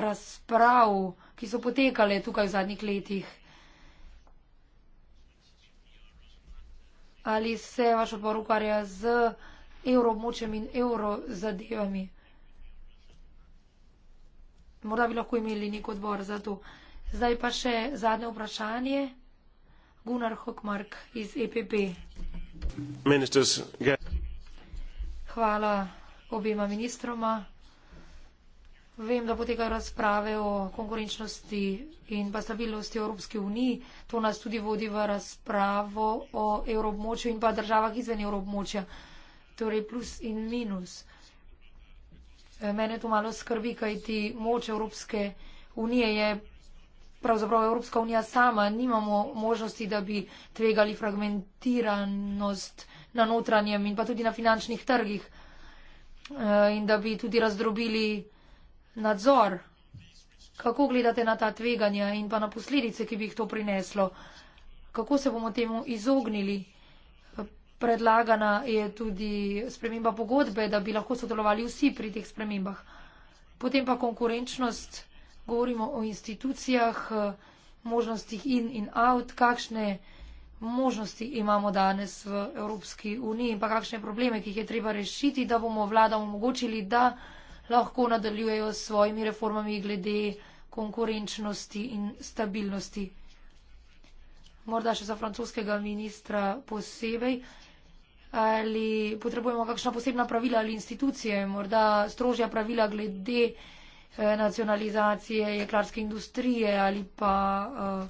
Speaker 1: razprav, ki so potekale tukaj v zadnjih letih. Ali se vaš odbor ukvarja z evroobmočjem in evro zadevami? Morda bi lahko imeli nek odbor za to. Zdaj pa še zadnje vprašanje. Gunnar Hockmark iz EPP. Hvala obima ministroma. Vem, da poteka razprave o konkurenčnosti in pa stabilnosti Evropske unije. To nas tudi vodi v razpravo o evroobmočju in pa državah izven evroobmočja. Torej plus in minus. Mene to malo skrbi, kajti moč Evropske unije je pravzaprav Evropska unija sama nimamo možnosti, da bi tvegali fragmentiranost na notranjem in pa tudi na finančnih trgih eh, in da bi tudi razdrobili nadzor. Kako gledate na ta tveganja in pa na posledice, ki bi jih to prineslo? Kako se bomo temu izognili? Predlagana je tudi sprememba pogodbe, da bi lahko sodelovali vsi pri teh spremembah. Potem pa konkurenčnost govorimo o institucijah, eh, možnostih in in out, kakšne možnosti imamo danes v Evropski uniji in pa kakšne probleme, ki jih je treba rešiti, da bomo vladam omogočili, da lahko nadaljujejo s svojimi reformami glede konkurenčnosti in stabilnosti. Morda še za francoskega ministra posebej. Ali potrebujemo kakšna posebna pravila ali institucije, morda strožja pravila glede Eh, nacionalizacije jeklarske industrije ali pa uh, eh,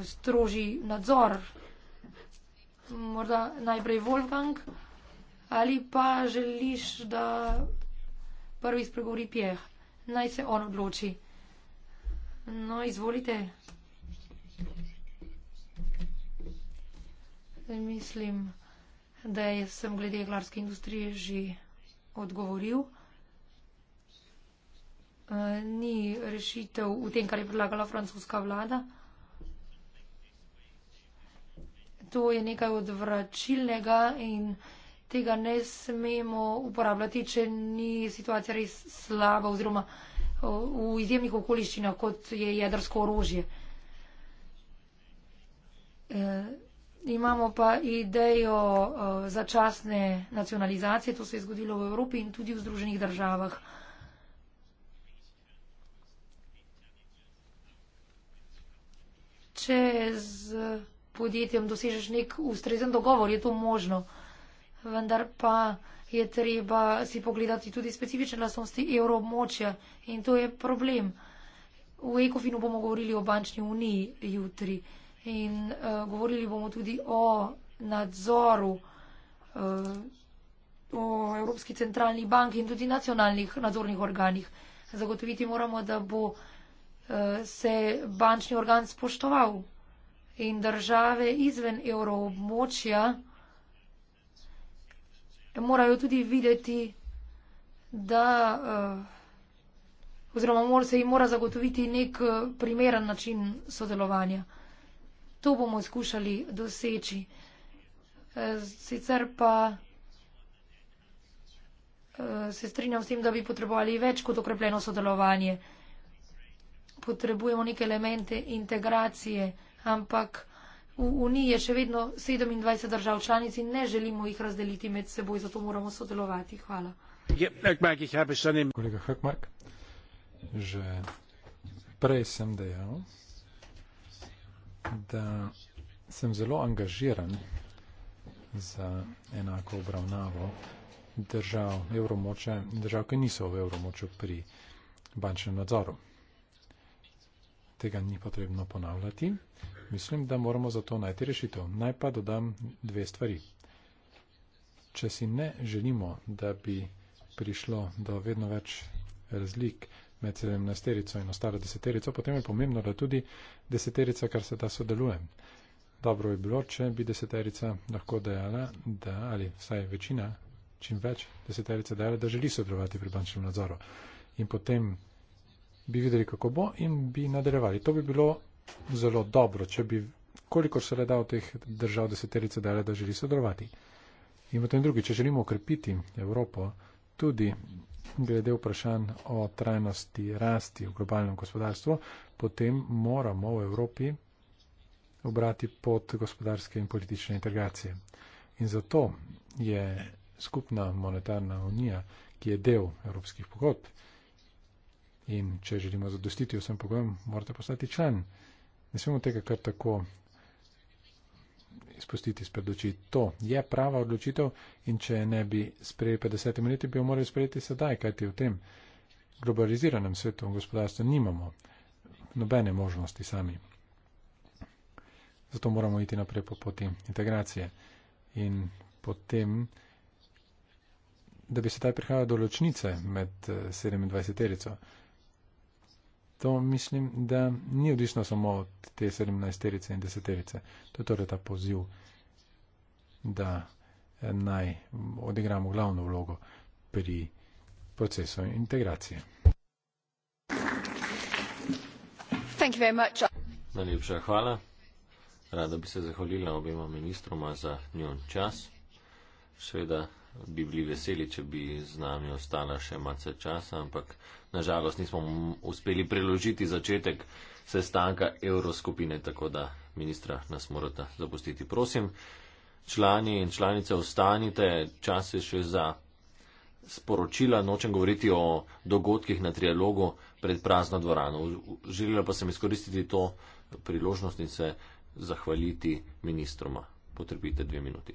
Speaker 1: eh, stroži nadzor, morda najprej Wolfgang, ali pa želiš, da prvi spregovori Pjeh, naj se on odloči. No, izvolite. Mislim, da sem glede jeklarske industrije že odgovoril. Eh, ni rešitev v tem, kar je predlagala francoska vlada. To je nekaj odvračilnega in tega ne smemo uporabljati, če ni situacija res slaba oziroma eh, v izjemnih okoliščinah, kot je jedrsko orožje. E, imamo pa idejo e, začasne nacionalizacije, to se je zgodilo v Evropi in tudi v Združenih državah. če z podjetjem dosežeš nek ustrezen dogovor, je to možno. Vendar pa je treba si pogledati tudi specifične lastnosti evroobmočja in to je problem. V Ekofinu bomo govorili o bančni uniji jutri in uh, govorili bomo tudi o nadzoru, uh, o Evropski centralni banki in tudi nacionalnih nadzornih organih. Zagotoviti moramo, da bo se bančni organ spoštoval in države izven evroobmočja morajo tudi videti, da eh, oziroma mora se jim mora zagotoviti nek eh, primeren način sodelovanja. To bomo skušali doseči. Eh, sicer pa se strinjam s tem, da bi potrebovali več kot okrepljeno sodelovanje potrebujemo neke elemente integracije, ampak v Uniji je še vedno 27 držav članic in ne želimo jih razdeliti med seboj, zato moramo sodelovati. Hvala.
Speaker 3: Ja, Kolega Hökmark, že prej sem dejal, da sem zelo angažiran za enako obravnavo držav evromoče, držav, ki niso v evromoču pri bančnem nadzoru tega ni potrebno ponavljati. Mislim, da moramo zato najti rešitev. Naj pa dodam dve stvari. Če si ne želimo, da bi prišlo do vedno več razlik med 17. in ostalo 10. potem je pomembno, da tudi 10. kar se da sodeluje. Dobro bi bilo, če bi 10. lahko dejala, da, ali vsaj večina, čim več 10. dejala, da želi sodelovati pri bančnem nadzoru. In potem bi videli, kako bo in bi nadaljevali. To bi bilo zelo dobro, če bi kolikor se le da v teh držav deseterice dale, da želi sodelovati. In potem drugi, če želimo okrepiti Evropo, tudi glede vprašanj o trajnosti rasti v globalnem gospodarstvu, potem moramo v Evropi obrati pot gospodarske in politične integracije. In zato je skupna monetarna unija, ki je del evropskih pogodb, In če želimo zadostiti vsem pogojem, morate postati član. Ne smemo tega kar tako izpustiti spred oči. To je prava odločitev in če ne bi sprejeli 50 minut, bi jo morali sprejeti sedaj, kajti v tem globaliziranem svetu in gospodarstvu nimamo nobene možnosti sami. Zato moramo iti naprej po poti integracije. In potem, da bi se taj prihajal do ločnice med 27-terico. Eh, uh, To mislim, da ni odvisno samo od te sedemnaesterice in deseterice. To je torej ta poziv, da eh, naj odigramo glavno vlogo pri procesu integracije.
Speaker 2: Najlepša hvala. Rada bi se zahvalila obema ministroma za njen čas. Seveda bi bili veseli, če bi z nami ostala še malce časa, ampak nažalost nismo uspeli preložiti začetek sestanka Evroskupine, tako da ministra nas morate zapustiti. Prosim, člani in članice, ostanite, čas je še za sporočila, nočem govoriti o dogodkih na trialogu pred prazno dvorano. Želela pa sem izkoristiti to priložnost in se zahvaliti ministroma. Potrebite dve minuti.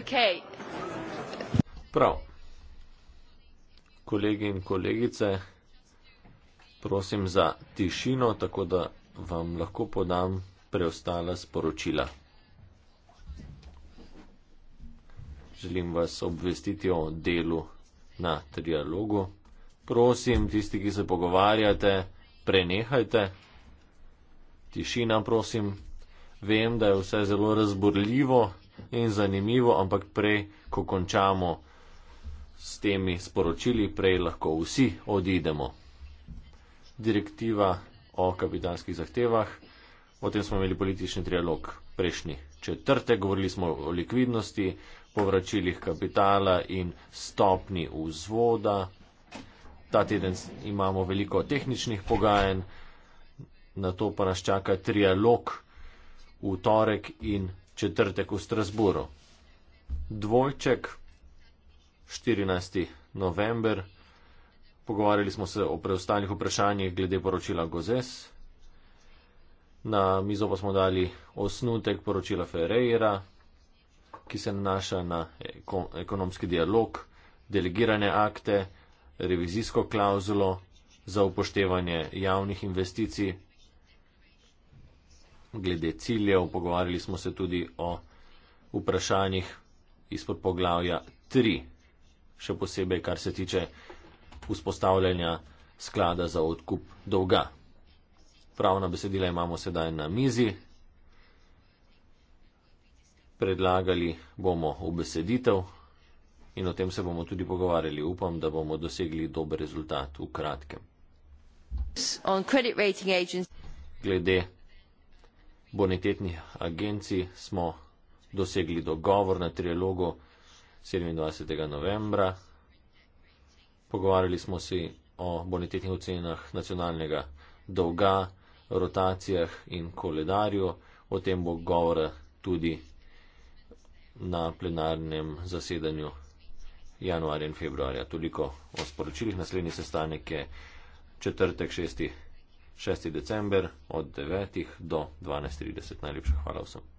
Speaker 2: Okay. Prav. Kolegi in kolegice, prosim za tišino, tako da vam lahko podam preostala sporočila. Želim vas obvestiti o delu na trialogu. Prosim, tisti, ki se pogovarjate, prenehajte. Tišina, prosim. Vem, da je vse zelo razborljivo in zanimivo, ampak prej, ko končamo s temi sporočili, prej lahko vsi odidemo. Direktiva o kapitalskih zahtevah, o tem smo imeli politični trialog prejšnji četrte, govorili smo o likvidnosti, povračilih kapitala in stopni vzvoda. Ta teden imamo veliko tehničnih pogajanj, na to pa nas čaka trialog v torek in četrtek v Strasburu. Dvojček, 14. november, pogovarjali smo se o preostalih vprašanjih glede poročila Gozes. Na mizo pa smo dali osnutek poročila Ferreira, ki se nanaša na ekonomski dialog, delegirane akte, revizijsko klauzulo za upoštevanje javnih investicij glede ciljev, pogovarjali smo se tudi o vprašanjih izpod poglavja 3, še posebej kar se tiče vzpostavljanja sklada za odkup dolga. Pravna besedila imamo sedaj na mizi. Predlagali bomo obeseditev in o tem se bomo tudi pogovarjali. Upam, da bomo dosegli dober rezultat v kratkem. Glede bonitetnih agencij smo dosegli dogovor na trilogu 27. novembra. Pogovarjali smo si o bonitetnih ocenah nacionalnega dolga, rotacijah in koledarju. O tem bo govora tudi na plenarnem zasedanju januarja in februarja. Toliko o sporočilih. Naslednji sestanek je četrtek 6. 6. december od 9. do 12.30. Najlepša hvala vsem.